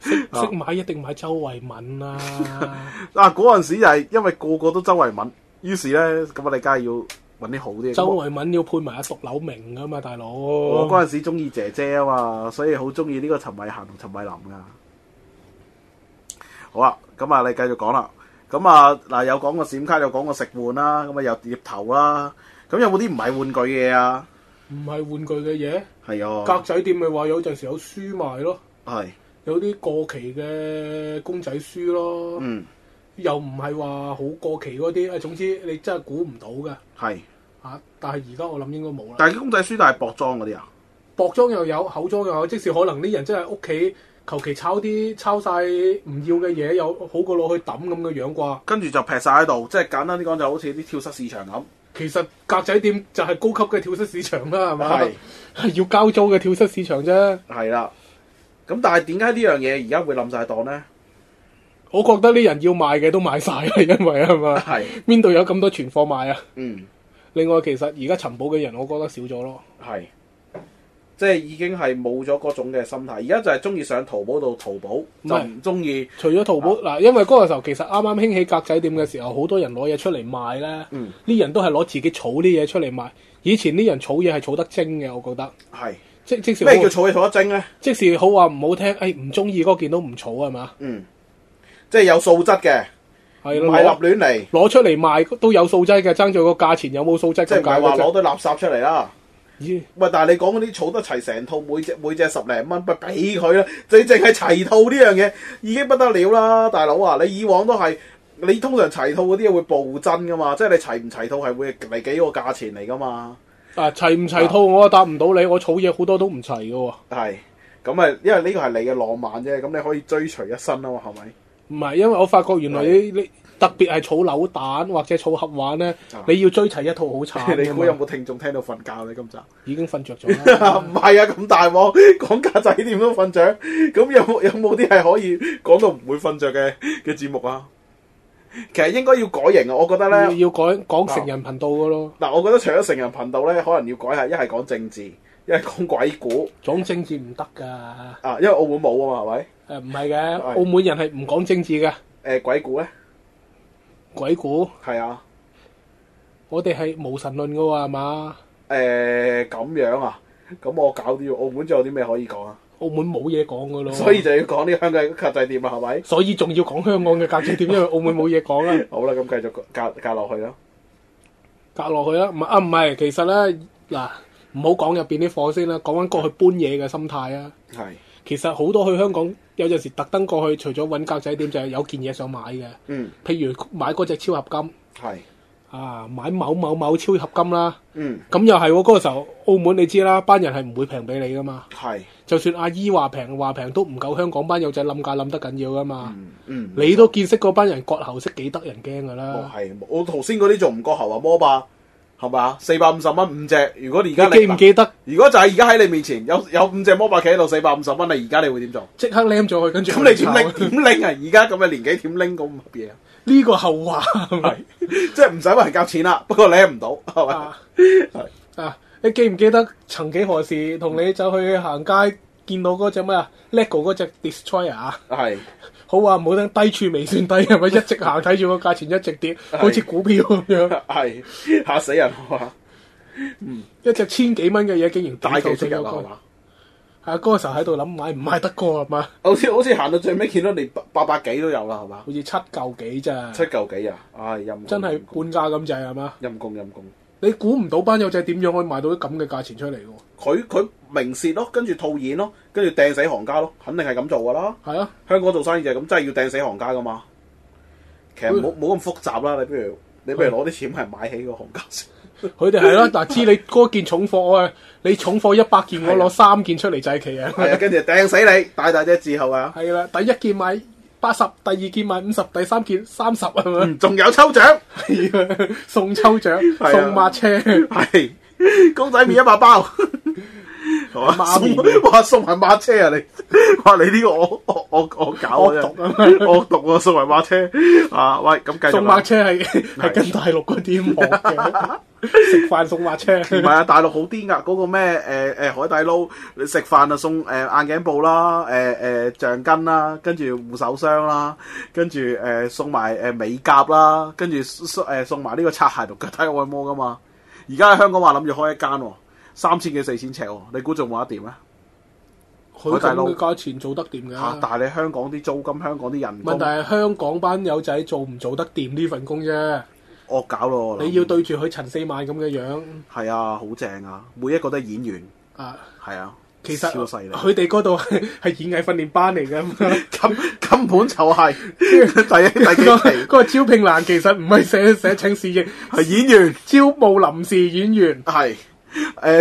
識會、啊、買一定買周慧敏啊！嗱，嗰陣時就係因為個個都周慧敏，於是咧咁我哋梗係要。揾啲好啲。周慧敏要配埋阿叔柳明噶嘛，大佬。我嗰陣時中意姐姐啊嘛，所以好中意呢個陳慧嫻同陳慧琳噶。好啊，咁啊，你繼續講啦。咁啊，嗱、啊，有講過閃卡，有講過食玩啦，咁啊，又碟頭啦、啊。咁有冇啲唔係玩具嘅嘢啊？唔係玩具嘅嘢？係啊、哦。格仔店咪話有陣時有書賣咯。係是。有啲過期嘅公仔書咯。嗯。又唔係話好過期嗰啲，誒，總之你真係估唔到嘅。係。吓！但係而家我諗應該冇啦。但係公仔書都係薄裝嗰啲啊？薄裝又有，厚裝又有。即使可能啲人真係屋企求其抄啲抄晒唔要嘅嘢，有好過攞去抌咁嘅樣啩？跟住就劈晒喺度，即係簡單啲講，就好似啲跳蚤市場咁。其實格仔店就係高級嘅跳蚤市場啦，係咪？係要交租嘅跳蚤市場啫。係啦。咁但係點解呢樣嘢而家會冧晒檔咧？我覺得呢人要賣嘅都賣晒，係因為係嘛？係邊度有咁多存貨賣啊？嗯。另外，其實而家尋寶嘅人，我覺得少咗咯。係，即係已經係冇咗嗰種嘅心態。而家就係中意上淘寶度淘寶，唔係唔中意。除咗淘寶嗱，啊、因為嗰個時候其實啱啱興起格仔店嘅時候，好多人攞嘢出嚟賣咧。嗯，呢人都係攞自己儲啲嘢出嚟賣。以前啲人儲嘢係儲得精嘅，我覺得。係是，即即咩叫儲嘢儲得精咧？即時好話唔好聽，誒唔中意嗰件都唔儲係嘛？嗯，即係有素質嘅。係立亂嚟，攞出嚟賣都有素質嘅，爭咗個價錢有冇素質。即係唔係話攞堆垃圾出嚟啦？咦、欸，喂！但係你講嗰啲儲得齊成套，每隻每隻十零蚊，不俾佢啦。最淨係齊套呢樣嘢已經不得了啦，大佬啊！你以往都係你通常齊套嗰啲會暴增噶嘛？即係你齊唔齊套係會嚟幾個價錢嚟噶嘛？齊齊啊，齊唔齊套我答唔到你，我儲嘢好多都唔齊噶喎。係咁啊，因為呢個係你嘅浪漫啫。咁你可以追隨一生啊嘛，係咪？唔係，因為我發覺原來你的呢，你特別係儲扭蛋或者儲盒玩咧，你要追齊一套好慘、 [laughs] 啊。你估有冇聽眾聽到瞓覺？你今集已經瞓着咗。唔係啊，咁大鑊講架仔點都瞓着。咁有冇有冇，啲係可以講到唔會瞓着嘅嘅節目啊？其實應該要改型要改啊，我覺得咧要改講成人頻道噶咯。嗱，我覺得除咗成人頻道咧，可能要改下，一係講政治。因為講鬼故，講政治唔得噶。啊，因為澳門冇啊嘛，係咪？誒，唔係嘅，澳門人係唔講政治嘅。誒，鬼故咧？鬼故係啊，我哋係無神論噶，係嘛？誒，咁樣啊？咁我搞啲澳門仲有啲咩可以講啊？澳門冇嘢講噶咯，所以就要講啲香港嘅格仔店啊，係咪？所以仲要講香港嘅格仔店，因為澳門冇嘢講啦。好啦，咁繼續隔隔落去啦，隔落去啦。唔啊，唔係，其實咧嗱。唔好講入邊啲貨先啦，講翻過去搬嘢嘅心態啊。係是，其實好多去香港有陣時特登過去，除咗揾格仔店，就係、是、有件嘢想買嘅。嗯，譬如買嗰隻超合金。係是啊，買某，某某某超合金啦。嗯，咁又係嗰、那個時候，澳門你知啦，班人係唔會平俾你噶嘛。係是，就算阿姨話平話平都唔夠香港班友仔諗價諗得緊要噶嘛。嗯，嗯你都見識嗰班人割喉式幾得人驚噶啦。係、哦，我頭先嗰啲做唔割喉啊，摩巴。係咪四百五十蚊五隻？如果你而家你記唔記得，如果就係而家喺你面前有有五隻魔霸企喺度，四百五十蚊，你而家你會點做？即刻拎咗去，跟住咁你點拎點拎啊？而家咁嘅年紀點拎咁嘅嘢？呢個後話，係咪即係唔使話交錢啦。不過拎唔到係咪啊？ [laughs] 是啊，你記唔記得曾幾何時同你走、嗯、去行街見到嗰隻咩啊？Lego 嗰隻 Destroyer 啊 [laughs] 是？係。 [laughs] 好啊，冇得低處未算低，係咪 [laughs] 一直行睇住個價錢一直跌， [laughs] 好似股票咁樣。係吓 [laughs] 死人，我、嗯、一隻千幾蚊嘅嘢竟然大跌入有？係係啊，嗰時候喺度諗買，唔係得過嘛？好似好似行到最尾見到連八八百幾都有啦，係嘛？好似七嚿幾咋？七嚿幾啊？唉、哎，陰真係半價咁滯係嘛？陰公陰公。功你估唔到班友仔點樣可以賣到啲咁嘅價錢出嚟嘅喎。佢佢明蝕咯，跟住套現咯，啊，跟住掟死行家咯，啊，肯定係咁做噶啦。係是啊，香港做生意就係咁，真係要掟死行家噶嘛。其實冇冇咁複雜啦。你不如你不如攞啲錢係，買起個行家先，佢哋係咯。但係知你嗰件重貨啊，你重貨一百件，我攞三件出嚟制旗啊， [laughs] 啊，跟住掟死你，大大隻字號啊，係啦，第一件咪。八十，第二件買五十，第三件三十係咪？仲、嗯、有抽獎， [laughs] 送抽獎獎， [laughs] 啊、送馬車，係、啊、 [laughs] 公仔麵一百包。 [laughs] 係嘛？媽媽 [laughs] 送哇，送埋馬車啊！你話你呢個我惡惡惡搞啊！ [laughs] 我毒啊！送埋馬車啊！喂，咁繼續送馬車係係跟大陸嗰啲，食飯 [laughs] 送馬車。唔係啊，大陸好癲噶，嗰、嗰個咩誒誒海底撈你食飯啊，送誒眼鏡布啦，誒誒橡筋啦，跟住護手霜啦，跟住誒送埋誒美甲啦，跟住誒送埋呢個擦鞋度腳底按摩噶嘛。而家喺香港話諗住開一間。三千幾四千尺喎，你估仲唔得掂咧？佢大佬，嘅價錢做得掂噶、啊啊。但係你香港啲租金，香港啲人工，問題係香港班友仔做唔做得掂呢份工啫？惡搞咯！你要對住佢陳四萬咁嘅樣,樣，係啊，好正啊！每一個都係演員啊，係啊，其實超細佢哋嗰度係演藝訓練班嚟嘅，咁 [laughs] 根本就係、是、 [laughs] [laughs] 第第、那個嗰、那個招聘欄，其實唔係寫寫請侍應，係演員招募臨時演員係。 [laughs] 誒，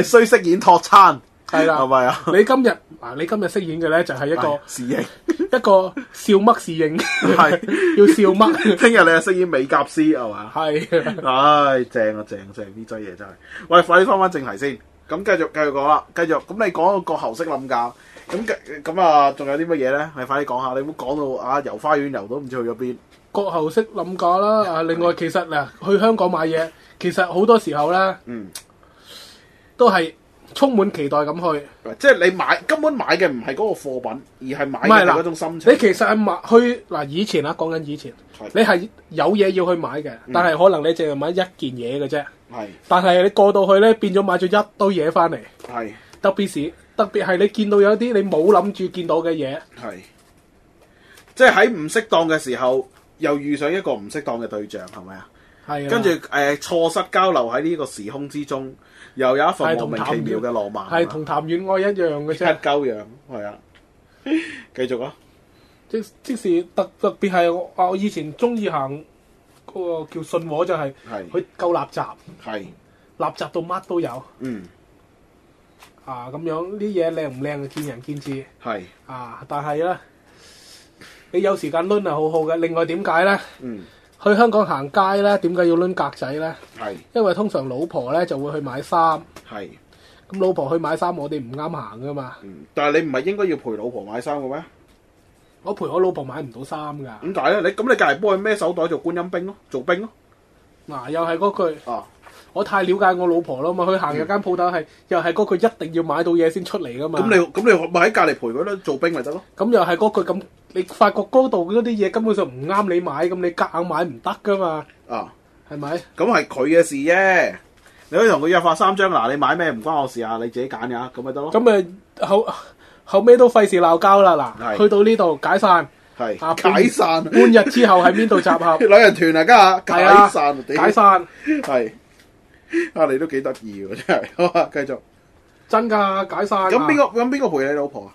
需飾、呃、演托餐係啦，係咪啊？你今日嗱，你今日飾演嘅咧就係一個侍應， [laughs] [laughs] 一個笑乜侍應，係 [laughs] [laughs] 要笑乜麥？聽 [laughs] 日 [laughs] 你又飾演美甲師，係嘛？係的，唉、 [laughs] 哎，正啊，正啊正、啊！呢劑嘢真係，喂，快啲翻翻正題先，咁繼續繼續講啦，繼續咁你講個國喉式冧架，咁咁啊，仲有啲乜嘢咧？你快啲講下，你唔好講到啊遊花園遊到唔知去咗邊。國喉式冧架啦，啊啦，另外其實啊，去香港買嘢，其實好多時候咧、 [laughs] 嗯，嗯。都係充滿期待咁去，即係你買根本買嘅唔係嗰個貨品，而係買嘅嗰種心情。你其實係買去嗱，以前啊講緊以前，是你係有嘢要去買嘅，但係可能你淨係買一件嘢嘅啫。是但係你過到去呢，變咗買咗一堆嘢翻嚟。係是，特別是特別係你見到有一啲你冇諗住見到嘅嘢。係，即係喺唔適當嘅時候，又遇上一個唔適當嘅對象，係咪啊？係的。跟住誒、錯、呃、失交流喺呢個時空之中。又有一份莫名其妙嘅浪漫，係同談戀愛一樣嘅啫，係鳩樣，係啊，繼續啊吧，即即係特特別係我，我以前中意行嗰個叫信和就係、係，佢夠垃圾，垃圾到乜都有。嗯。啊，咁樣啲嘢靚唔靚見仁見智。係是。啊，但係咧，你有時間輪係好好嘅。另外點解咧？嗯。去香港行街咧，點解要攆格仔咧？係是因為通常老婆咧就會去買衫。係咁是，老婆去買衫，我哋唔啱行㗎嘛。嗯、但係你唔係應該要陪老婆買衫嘅咩？我陪我老婆買唔到衫㗎。點解咧？你咁你隔離幫佢孭手袋做觀音兵咯，做兵咯、啊。嗱、啊，又係嗰句。哦、啊。我太了解我老婆啦嘛，佢行入間鋪頭係又係嗰句一定要買到嘢先出嚟㗎嘛。咁你咁你咪喺隔離陪佢攆做兵咪得咯？咁、啊、又係嗰句咁。你發覺高度嗰啲嘢根本上唔啱你買，咁你夾硬買唔得噶嘛？啊，係咪？咁係佢嘅事啫。你可以同佢約法三章嗱，你買咩唔關我事啊，你自己揀嘅，咁咪得咯。咁咪，後後尾都費事鬧交啦嗱。係。去到呢度解散。係。啊！解散。半日之後喺邊度集合？兩人團啊，家下。係解散。解散。係。啊，你都幾得意喎，真係。好啊，繼續。真噶，解散。咁邊個？咁邊個陪你老婆啊？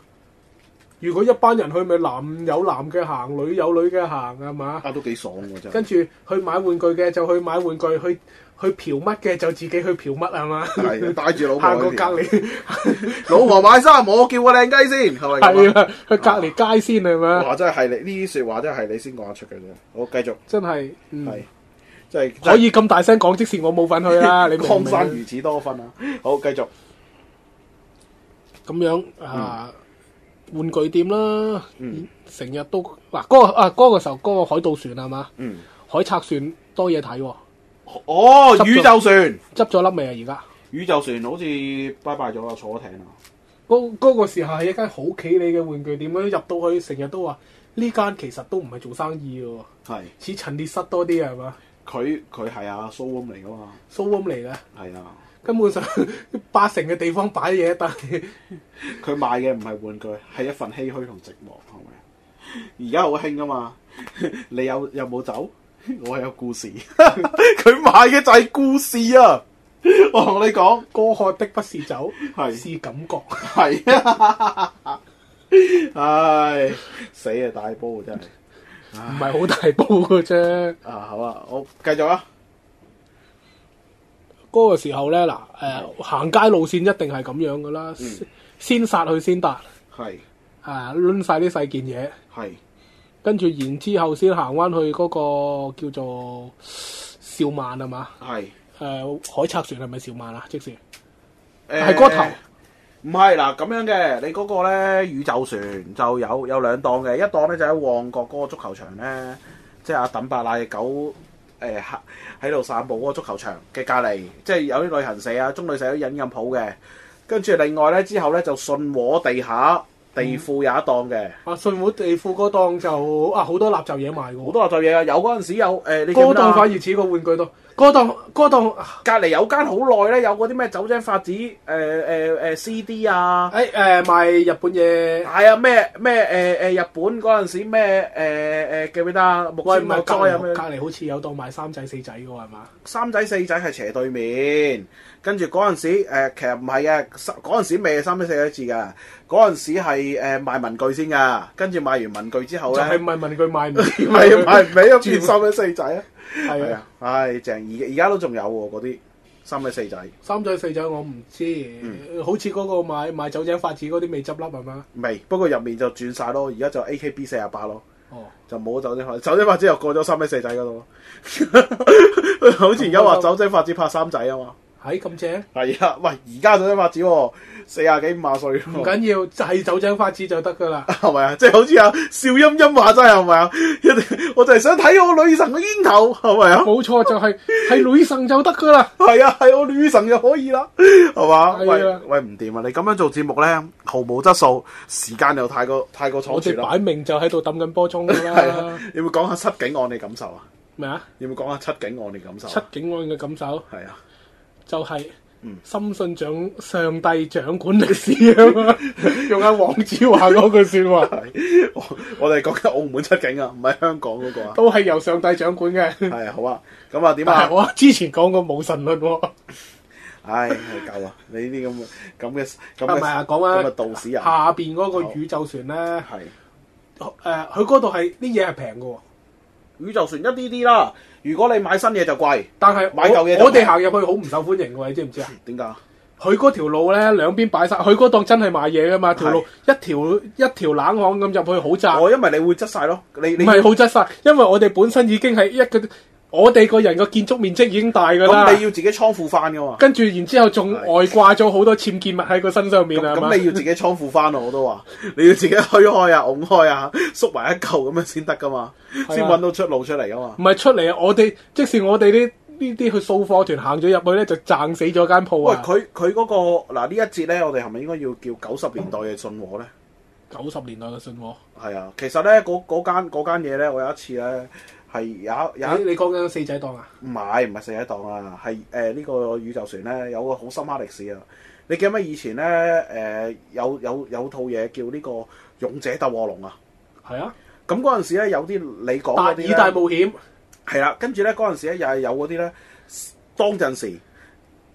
如果一班人去，咪男有男嘅行，女有女嘅行，係嘛？啊，都幾爽嘅真。跟住去買玩具嘅就去買玩具，去去嫖乜嘅，就自己去嫖乜，係嘛？係帶住老婆去。 [laughs] 行過隔籬，老婆買衫， [laughs] 我叫個靚雞先。係啦，啊、去隔籬街先啦，係嘛？哇！真係你呢啲說話真係你先講得出嘅啫。好，繼續。真係係、嗯，真係可以咁大聲講，即是我冇份去啦。你康翻如此多分啊！好，繼續。咁樣啊。嗯嗯玩具店啦，成、嗯、日都嗱嗰、嗰個啊、嗰個時候嗰個海盜船係嘛，嗯、海賊船多嘢睇，啊。哦，了宇宙船執咗粒未啊？而家宇宙船好似拜拜咗坐艇啊！嗰嗰、嗰個時候係一間好企理嘅玩具店，入到去成日都話呢間其實都唔係做生意嘅，係似陳列室多啲啊，啊？係嘛？佢佢係啊 Soom 嚟噶嘛？Soom 嚟嘅，係啊。根本上八成嘅地方擺嘢，但係佢賣嘅唔係玩具，係一份唏噓同寂寞，係咪？而家好興噶嘛？你有有冇酒？我係有故事，佢賣嘅就係故事啊！我同你講，哥喝的不是酒，係是，是感覺，係 [laughs] 是啊 [laughs] 唉！唉，死啊大煲真係，唔係好大煲嘅啫。啊好啊，我繼續啊。嗰個時候咧，嗱、呃，誒的，行街路線一定係咁樣噶啦，嗯、先先殺去先達，係的，啊，撚晒啲細件嘢，係的，跟住然之後先行翻去嗰個叫做兆萬係嘛，係，誒的，海賊船係咪兆萬啊？即、呃、是，係嗰頭，唔係，嗱，咁樣嘅，你嗰個咧宇宙船就有有兩檔嘅，一檔咧就喺旺角嗰個足球場咧，即、就、係、是、阿鄧伯拉嘅。九誒，喺度散步嗰個足球場嘅隔籬，即係有啲旅行社啊，中旅社都隱咁抱嘅。跟住另外咧，之後咧就信和地下、嗯、地庫有一檔嘅、啊。啊，信和地庫個檔就啊好多垃圾嘢賣噶。好多垃圾嘢啊，有嗰陣時有誒，嗰、欸、檔反而似個玩具檔。嗰檔隔離、嗰檔、 [noise] 有間好耐咧，有嗰啲咩酒精、發、呃、紙、誒誒誒 CD 啊，喺誒、呃、賣日本嘢。係啊，咩咩誒誒日本嗰陣時咩誒誒記唔記得啊？木木在隔離麼好似有檔賣三仔四仔嘅係嘛？三仔四仔係斜對面，跟住嗰陣時、呃、其實唔係嘅，嗰陣時未係三仔四仔字嘅，嗰陣時係誒賣文具先嘅，跟住賣完文具之後咧，係賣文具賣唔？係啊， [laughs] [laughs] 係啊不，轉三仔不不四仔啊！係、哎、啊，唉正，而而家都仲有喎嗰啲三米四仔。三仔四仔我唔知，嗯、好似嗰個買買酒井法子嗰啲未執笠係嘛？未，不過入面就轉晒咯，而家就 A K B 四廿八咯。哦，就冇酒井法子，酒井法子又過咗三米四仔嗰度， [laughs] [laughs] 好似而家話酒井法子拍三仔啊嘛。.係咁、欸、正係啊！喂，而家就想發紙四廿幾五廿歲唔緊要，就係、是、走張發紙就得噶啦，係咪、就是、啊？即係好似阿笑音音話齋，係咪啊？我就係想睇我女神嘅煙頭，係咪啊？冇錯，就係、是、係 [laughs] 女神就得噶啦。係啊，係我女神就可以啦，係嘛的？喂喂，唔掂啊！你咁樣做節目咧，毫無質素，時間又太過太過倉促啦。我哋擺明就喺度抌緊波衝噶啦。係啊，你會講下七警案嘅感受啊？咩啊麼？你會講下七警案嘅感受？七警案嘅感受係啊。就係深信掌上帝掌管歷史啊！用阿黃子華嗰句說話， [laughs] 我我哋講緊澳門出境啊，唔係香港嗰個啊，都係由上帝掌管嘅。係 [laughs] 好啊，咁啊點啊？啊我之前講過冇神論、啊。唉、 [laughs] 哎，夠啊！你呢啲咁嘅咁嘅，係咪啊？講啊！咁嘅道士啊，下邊嗰個宇宙船咧，係誒好，佢嗰度係啲嘢係平嘅，宇宙船一啲啲啦。如果你買新嘢就貴，但係買舊嘢我哋行入去好唔受歡迎嘅，你知唔知啊？點解？佢嗰條路呢，兩邊擺晒，佢嗰檔真係賣嘢噶嘛？條路的一條一條冷巷咁入去好窄，我，因為你會擠晒咯，你唔係好擠晒，因為我哋本身已經係一個。我哋個人嘅建築面積已經大噶啦，咁你要自己倉庫翻噶嘛？跟住然之後仲外掛咗好多僭建物喺佢身上面啊那！咁吧你要自己倉庫翻啊！我都話你要自己推開啊、拱開啊、縮埋一嚿咁樣先得噶嘛，先搵、啊、到出路出嚟噶嘛。唔係出嚟啊！我哋即使我哋呢呢啲去掃貨團行咗入去咧、啊，就賺死咗間鋪喂，佢佢嗰個嗱呢一節咧，我哋係咪應該要叫九十年代嘅信和咧？九十、嗯、年代嘅信和係啊，其實咧嗰嗰間間嘢咧，我有一次咧。係有有、欸，你講緊四仔檔啊？唔係唔係四仔檔啊，係誒呢個宇宙船咧有個好深刻歷史啊！你記唔記得以前咧、誒、呃，有有有套嘢叫呢個勇者鬥惡龍啊？係啊！咁嗰陣時咧有啲你講以大冒險係啦、啊，跟住咧嗰陣時咧又係有嗰啲咧當陣時。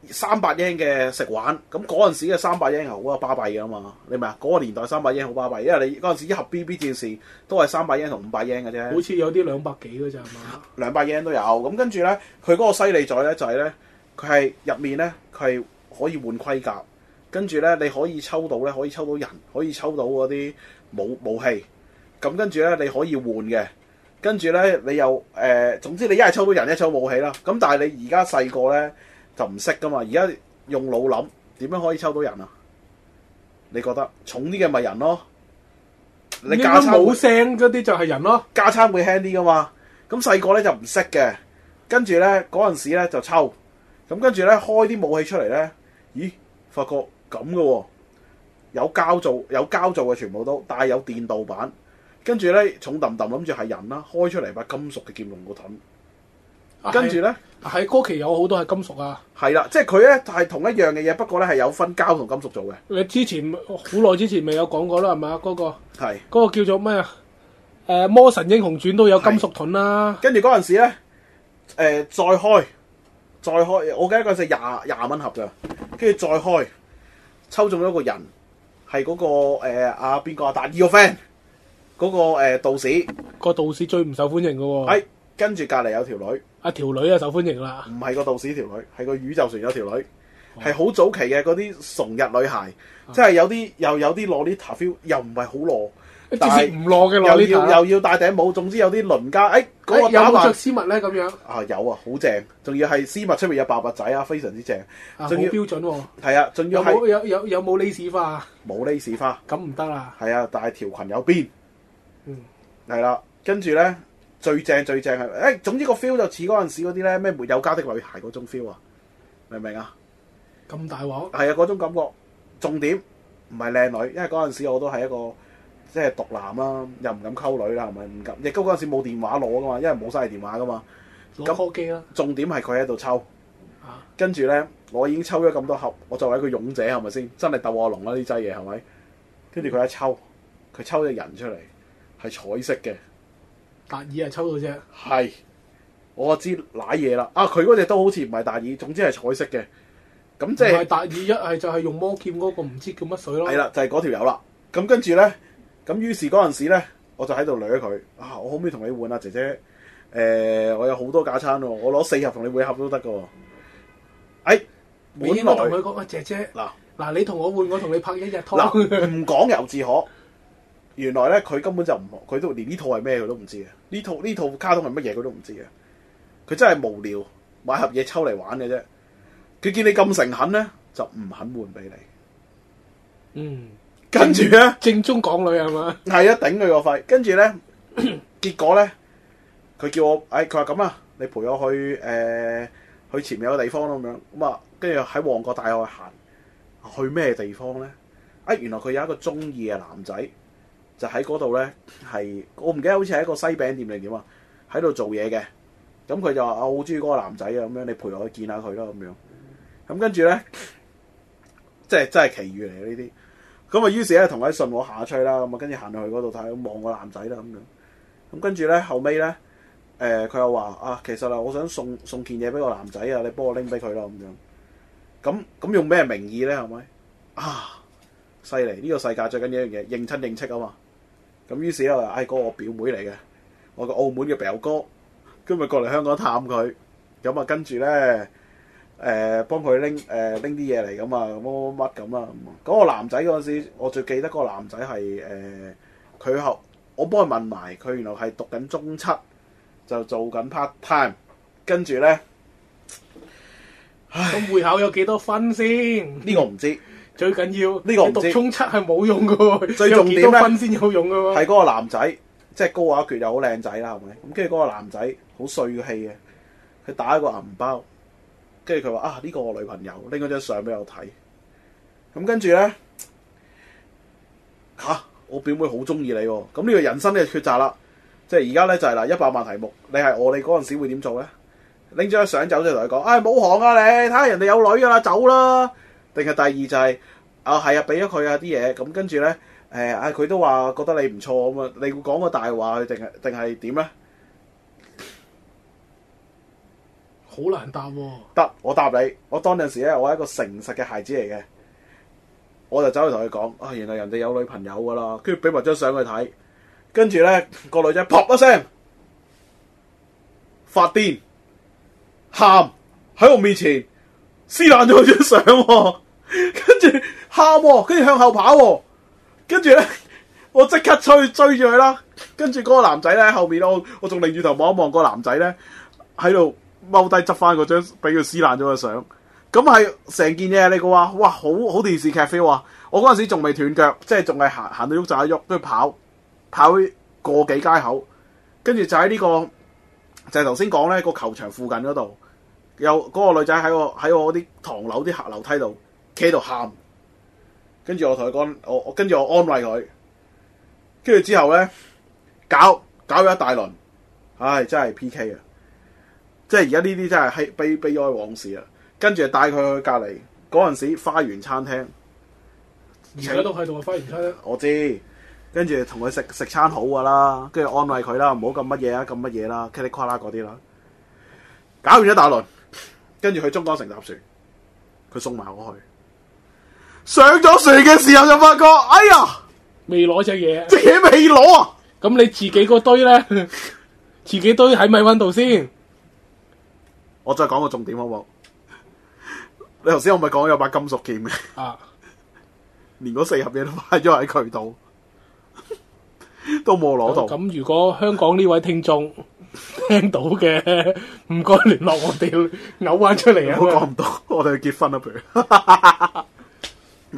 三百英嘅食玩，咁嗰陣時嘅三百英好啊巴閉㗎嘛，你明唔明啊？嗰、那個年代三百英好巴閉，因為你嗰陣時一盒 BB 戰士都係三百英同五百英嘅啫。好似有啲兩百幾㗎咋，嘛，兩百英都有咁，跟住咧，佢嗰個犀利在咧就係、是、咧，佢係入面咧佢係可以換盔甲，跟住咧你可以抽到咧可以抽到人，可以抽到嗰啲武武器，咁跟住咧你可以換嘅，跟住咧你又誒、呃，總之你一係抽到人，一抽武器啦。咁但係你而家細個咧。就唔識噶嘛？而家用腦諗點樣可以抽到人啊？你覺得重啲嘅咪人咯？你架撐冇聲嗰啲就係人咯？架撐會輕啲噶嘛？咁細個咧就唔識嘅，跟住咧嗰陣時咧就抽，咁跟住咧開啲武器出嚟咧，咦？發覺咁噶喎，有膠做有膠做嘅全部都，帶有電導板，跟住咧重揼揼諗住係人啦，開出嚟把金屬嘅劍用個盾。跟住咧，喺嗰期有好多係金屬啊！係啦，即係佢咧就係同一樣嘅嘢，不過咧係有分膠同金屬做嘅。你之前好耐之前未有講過啦，係咪？嗰、那個係嗰是個叫做咩啊？誒、呃《魔神英雄傳》都有金屬盾、啊、啦。跟住嗰陣時咧，誒、呃、再開再開，我記得嗰陣時廿廿蚊盒嘅，跟住再開抽中咗個人係嗰、那個阿邊、呃、個啊？阿達、那個 friend 嗰、呃、個道士個道士最唔受歡迎嘅喎、啊。係跟住隔離有條女。阿條女啊，受歡迎啦！唔係個道士條女，係個宇宙船有條女，係好早期嘅嗰啲崇日女孩，即係有啲又有啲 Lolita feel 又唔係好攞，但係又要又要戴頂帽，總之有啲輪家，誒嗰個打扮著絲襪咧咁樣。啊，有啊，好正，仲要係絲襪出面有白白仔啊，非常之正。仲要標準喎。啊，仲要係有有有冇 lace 花？冇 lace 花，咁唔得啦。係啊，但係條裙有變。嗯。係啦，跟住咧。最正最正係，誒、哎，總之個 feel 就似嗰陣時嗰啲咧，咩沒有家的女孩嗰種 feel 啊，明唔明啊？咁大鑊？係啊，嗰種感覺。重點唔係靚女，因為嗰陣時我都係一個即係毒男啦、啊，又唔敢溝女啦、啊，係咪？唔敢。亦都嗰陣時冇電話攞噶嘛，因為冇晒電話噶嘛。咁手機啦、啊。重點係佢喺度抽，跟住咧，我已經抽咗咁多盒，我作為一個勇者係咪先？真係鬥惡龍啦，呢劑嘢係咪？跟住佢一抽，佢抽咗人出嚟，係彩色嘅。大耳係抽到啫，係我知瀨嘢啦。啊，佢嗰隻都好似唔係大耳，總之係彩色嘅。咁即係大耳一係就係、是、用摩劍嗰個唔知叫乜水咯。係啦，就係嗰條友啦。咁跟住咧，咁於是嗰陣時咧，我就喺度掠咗佢。啊，我可唔可以同你換啊，姐姐。誒、呃，我有好多架撐，我攞四盒同你換盒都得噶。哎，本來同佢講啊，姐姐。嗱嗱喇，你同我換，我同你拍一日拖。嗱喇，佢唔講猶自可。原來咧佢根本就唔，佢都連呢套係咩佢都唔知啊！呢套呢套卡通係乜嘢佢都唔知啊！佢真係無聊，買盒嘢抽嚟玩嘅啫。佢見你咁誠懇咧，就唔肯換俾你。嗯，跟住咧，正宗港女係嘛？係啊，頂佢個肺！跟住咧， [coughs] 結果咧，佢叫我，哎，佢話咁啊，你陪我去誒、呃，去前面有個地方咁樣咁啊，跟住喺旺角大廈行，去咩地方咧？啊、哎，原來佢有一個鍾意嘅男仔。就喺嗰度咧，係我唔記得，好似喺一個西餅店定點啊，喺度做嘢嘅。咁佢就話：啊，我好中意嗰個男仔啊，咁樣你陪我去見下佢啦。咁樣。咁跟住咧，即係真係奇遇嚟嘅呢啲。咁啊，於是咧同佢信我下吹啦，咁啊跟住行到去嗰度睇，望個男仔啦，咁樣。咁跟住咧後尾咧，誒、呃、佢又話：啊，其實啊，我想送送件嘢俾個男仔啊，你幫我拎俾佢啦，咁樣。咁咁用咩名義咧？係咪啊？犀利！呢個世界最緊要一樣嘢，認親認戚啊嘛～咁於是咧，哎哥、那個，我表妹嚟嘅，我個澳門嘅表哥，今日過嚟香港探佢，咁啊跟住咧，誒、呃、幫佢拎誒拎啲嘢嚟，咁啊乜乜乜咁啊。咁、嗯嗯嗯嗯那個男仔嗰陣時，我最記得嗰個男仔係誒，佢、呃、後我幫佢問埋佢，原來係讀緊中七，就做緊 part time，跟住咧，咁會考有幾多分先？呢個唔知。最緊要呢個唔知，讀中七係冇用噶，最重點分先有用噶？係嗰個男仔， [laughs] 即係高雅絕又好靚仔啦，係咪？咁跟住嗰個男仔好帥氣嘅，佢打一個銀包，跟住佢話啊呢、呢個我女朋友，拎咗張相俾我睇。咁跟住咧，吓、啊、我表妹好中意你，咁呢個人生呢嘅抉擇啦，即係而家咧就係嗱一百萬題目，你係我哋嗰陣時會點做咧？拎張相走咗同佢講，唉冇、哎、行啊你，睇下人哋有女噶啦，走啦。定係第二就係、是、啊，係啊，俾咗佢啊啲嘢，咁跟住咧，誒啊佢都話覺得你唔錯咁啊，你會講個大話定係定係點咧？好難答。得我答你，我當陣時咧，我係一個誠實嘅孩子嚟嘅，我就走去同佢講啊，原來人哋有女朋友噶啦，跟住俾埋張相佢睇，跟住咧個女仔 p o 一聲發癲喊喺我面前。撕爛咗張相。跟住喊，跟住向後跑，跟住咧，我即刻追追住佢啦。跟住嗰個男仔咧喺後面我我仲擰住頭望一望個男仔咧，喺度踎低執翻嗰張俾佢撕爛咗嘅相。咁係成件嘢你話哇，好好，好電視劇 feel 啊！我嗰陣時仲未斷腳，即係仲係行行到喐就一喐，跟住跑跑過幾街口，跟住就喺呢個就係頭先講咧個球場附近嗰度。有嗰個女仔喺我喺我啲唐樓啲客樓梯度企喺度喊，跟住我同佢講，我我跟住我安慰佢，跟住之後咧搞搞咗一大輪，唉真係 P.K. 啊！即係而家呢啲真係悲悲哀往事啊！跟住就帶佢去隔籬嗰陣時花園餐廳，而家都喺度花園餐廳。我知，跟住同佢食食餐好啦，跟住安慰佢啦，唔好咁乜嘢啊，咁乜嘢啦，噼里呱啦嗰啲啦，搞完一大輪。跟住去中港城搭船，佢送埋我去。上咗船嘅時候就發覺，哎呀，未攞隻嘢，隻嘢未攞啊。咁你自己個堆咧，自己堆喺咪溫度先。我再講個重點好冇？你頭先我咪講有把金屬劍嘅，連嗰四盒嘢都擺咗喺佢度，都冇攞到。咁如果香港呢位聽眾？聽到嘅，唔該聯絡我哋，扭彎出嚟啊！ [laughs] 我講唔到，我哋結婚啦，不如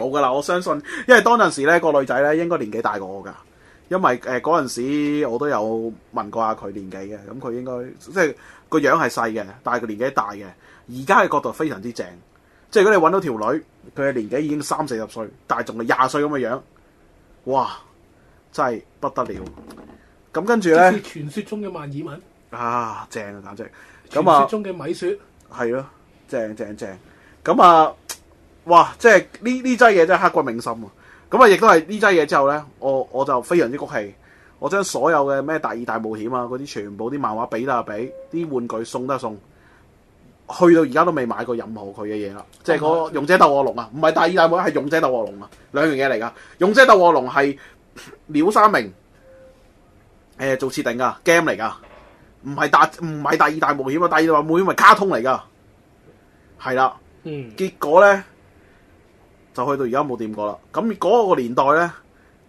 冇噶啦！我相信，因為當陣時咧、個女仔咧應該年紀大過我噶，因為誒嗰陣時我都有問過下佢年紀嘅，咁佢應該即係個樣係細嘅，但係佢年紀大嘅。而家嘅角度非常之正，即係如果你搵到條女，佢嘅年紀已經三四十歲，但係仲係廿歲咁嘅樣，哇，真係不得了！咁跟住咧，似傳說中嘅萬爾文啊，正啊簡直！傳說中嘅米雪，係咯、啊啊，正正正，正！咁啊，哇，即係呢呢劑嘢真係刻骨銘心啊！咁啊，亦都係呢劑嘢之後咧，我我就非常之谷氣，我將所有嘅咩大二大冒險啊嗰啲全部啲漫畫俾都係俾，啲玩具送都送，去到而家都未買過任何佢嘅嘢啦！Okay. 即係嗰《勇者鬥惡龍》啊，唔係大二大冒險，係、啊《勇者鬥惡龍》啊，兩樣嘢嚟噶，《勇者鬥惡龍》係鳥山明。誒，做設定噶 game 嚟噶，唔係大唔係第二大冒險啊！第二大冒險係卡通嚟噶，係啦。嗯。結果咧就去到而家冇掂過啦。咁嗰個年代咧，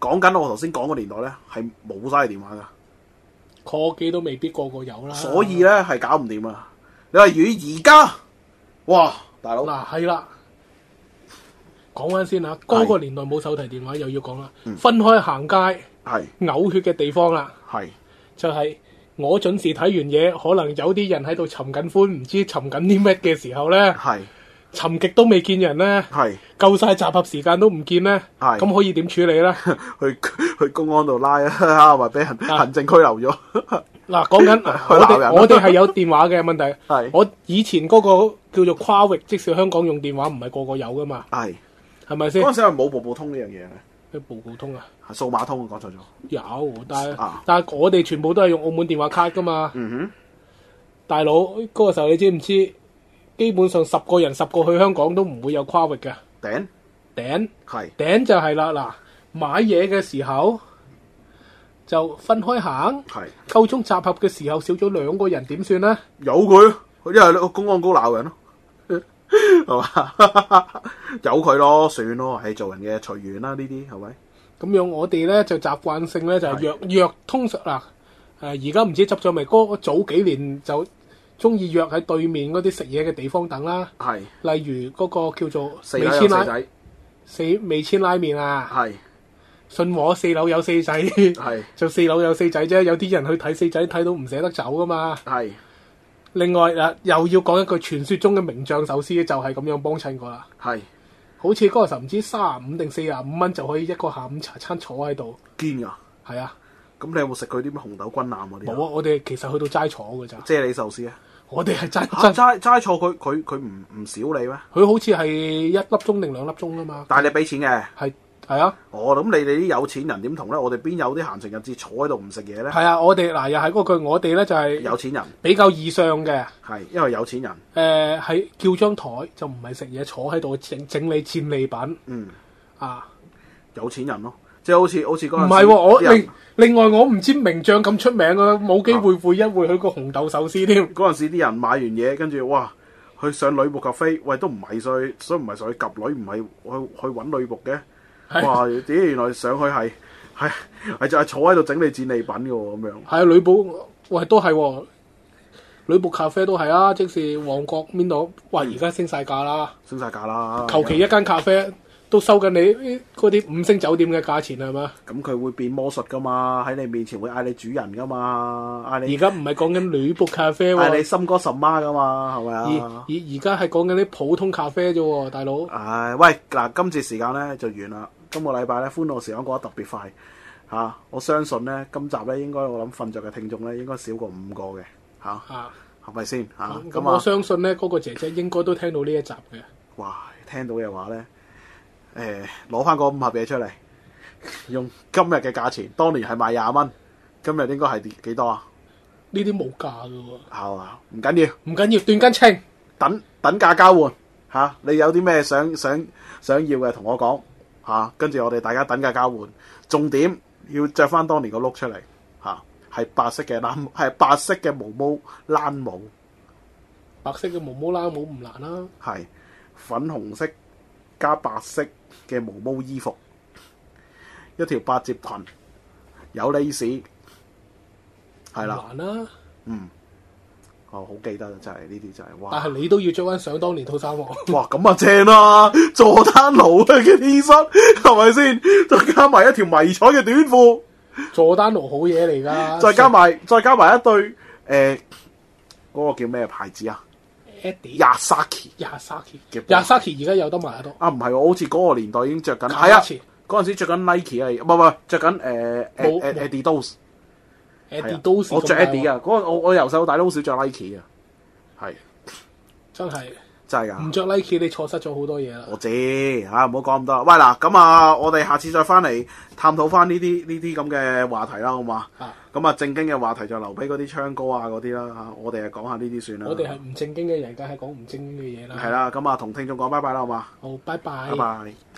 講緊我頭先講個年代咧，係冇晒電話噶，科技都未必個個有啦。所以咧係搞唔掂啊！你話如而家，哇，大佬嗱係啦，講翻先啦，嗰、嗰個年代冇手提電話是又要講啦，嗯、分開行街係嘔血嘅地方啦。係，就係我準時睇完嘢，可能有啲人喺度尋緊歡，唔知尋緊啲咩嘅時候咧，尋極都未見人咧，夠晒集合時間都唔見咧，咁可以點處理咧？去去公安度拉啊，或俾行行政拘留咗。嗱，講緊我哋，我哋係有電話嘅問題。係我以前嗰個叫做跨域，即使香港用電話唔係個個有噶嘛。係，係咪先？嗰時係冇步步通呢樣嘢嘅。咩步步通啊？係數碼通，講錯咗。有，但係、啊、但係我哋全部都係用澳門電話卡噶嘛。嗯哼，大佬嗰、嗰個時候你知唔知？基本上十個人十個去香港都唔會有跨域嘅。頂頂係頂就係啦嗱，買嘢嘅時候就分開行。係是。夠鐘集合嘅時候少咗兩個人點算咧？由佢，因一係咧公安哥鬧人咯、啊，係嘛？由佢咯，算咯，係做人嘅隨緣啦，呢啲係咪？咁樣我哋咧就習慣性咧就約約是的 通常嗱，誒而家唔知執咗未？哥早幾年就中意約喺對面嗰啲食嘢嘅地方等啦。係。是的 例如嗰個叫做四味千拉仔，四味千拉麵啊。係。是的 信和四樓有四仔。係。是的 [laughs] 就四樓有四仔啫，有啲人去睇四仔睇到唔捨得走噶嘛。係。是的 另外嗱、啊，又要講一句，傳説中嘅名將壽司，就係、是、咁樣幫襯過啦。係。好似嗰陣時唔知三啊五定四啊五蚊就可以一個下午茶餐坐喺度，堅啊，係啊。咁你有冇食佢啲咩紅豆軍艦嗰啲？冇啊，我哋其實去到齋坐噶咋。啫喱壽司啊，我哋係齋齋齋坐佢，佢佢唔唔少你咩？佢好似係一粒鐘定兩粒鐘啊嘛。但係你俾錢嘅，係。係啊、哦、啊，我諗你哋啲有錢人點同咧？我哋邊有啲閒情逸致坐喺度唔食嘢咧？係啊，我哋嗱又係嗰句，我哋咧就係有錢人比較意上嘅。係，因為有錢人誒，喺、呃、叫張台就唔係食嘢，坐喺度整整理戰利品。嗯啊，有錢人咯，即係好似好似嗰陣唔係我另人另外我唔知名將咁出名啊，冇機會會一會佢個紅豆壽司添。嗰陣、啊、時啲人買完嘢，跟住哇去上女僕咖啡，喂都唔係上去，所以唔係上去夾女，唔係去去搵女僕嘅。啊、哇！點？原來上去係係係就係坐喺度整理戰利品嘅咁樣。係啊，女僕喂都係、啊，女僕咖啡都係啊。即是旺角邊度？喂，而家升晒價啦，升晒價啦。求其一間咖啡都收緊你嗰啲五星酒店嘅價錢係嘛？咁佢會變魔術噶嘛？喺你面前會嗌你主人噶嘛？嗌你而家唔係講緊女僕咖啡、啊，嗌你心哥十媽噶嘛？係咪啊？而而而家係講緊啲普通咖啡啫，大佬。唉、啊，喂嗱，今次時間咧就完啦。今個禮拜咧，歡樂時光過得特別快吓、啊。我相信咧，今集咧，應該我諗瞓着嘅聽眾咧，應該少過五個嘅吓，係咪先吓？咁、啊、我相信咧，嗰、那個姐姐應該都聽到呢一集嘅。哇，聽到嘅話咧，誒、欸，攞翻嗰五盒嘢出嚟，用今日嘅價錢，當年係賣廿蚊，今日應該係幾多啊？呢啲冇價㗎喎，係嘛、啊？唔緊要，唔緊要，斷斤稱，等等價交換吓、啊。你有啲咩想想想要嘅，同我講。嚇，跟住、啊、我哋大家等價交換，重點要着翻當年個 look 出嚟嚇，係、啊、白色嘅攔係白色嘅毛毛攔帽，白色嘅毛毛攔帽唔難啦，係粉紅色加白色嘅毛毛衣服，一條百褶裙，有呢士，係帽啦，啊、嗯。哦，好記得啊！真係呢啲就係，哇！但係你都要着翻想當年套衫喎，哇！咁啊正啦，佐丹奴嘅啲衣衫係咪先？再加埋一條迷彩嘅短褲，佐丹奴好嘢嚟噶！再加埋，再加埋一對誒，嗰個叫咩牌子啊？Yasaki，Yasaki 嘅 Yasaki 而家有得賣啊多啊？唔係，我好似嗰個年代已經着緊，係啊，嗰陣時着緊 Nike 啊，唔係唔係，着緊誒誒 Adidas。我着 Adidas 噶，個我我由細到大都好少着 Nike、like、啊，係真係真係啊，唔着 Nike 你錯失咗好多嘢啦。我知吓，唔好講咁多啦。喂嗱，咁啊，我哋下次再翻嚟探討翻呢啲呢啲咁嘅話題啦，好嘛？啊，咁啊，正經嘅話題就留俾嗰啲唱歌啊嗰啲啦吓，我哋啊講下呢啲算啦。我哋係唔正經嘅人，梗係講唔正經嘅嘢啦。係啦，咁啊，同、啊、聽眾講拜拜啦，好嘛？好，拜拜，拜拜。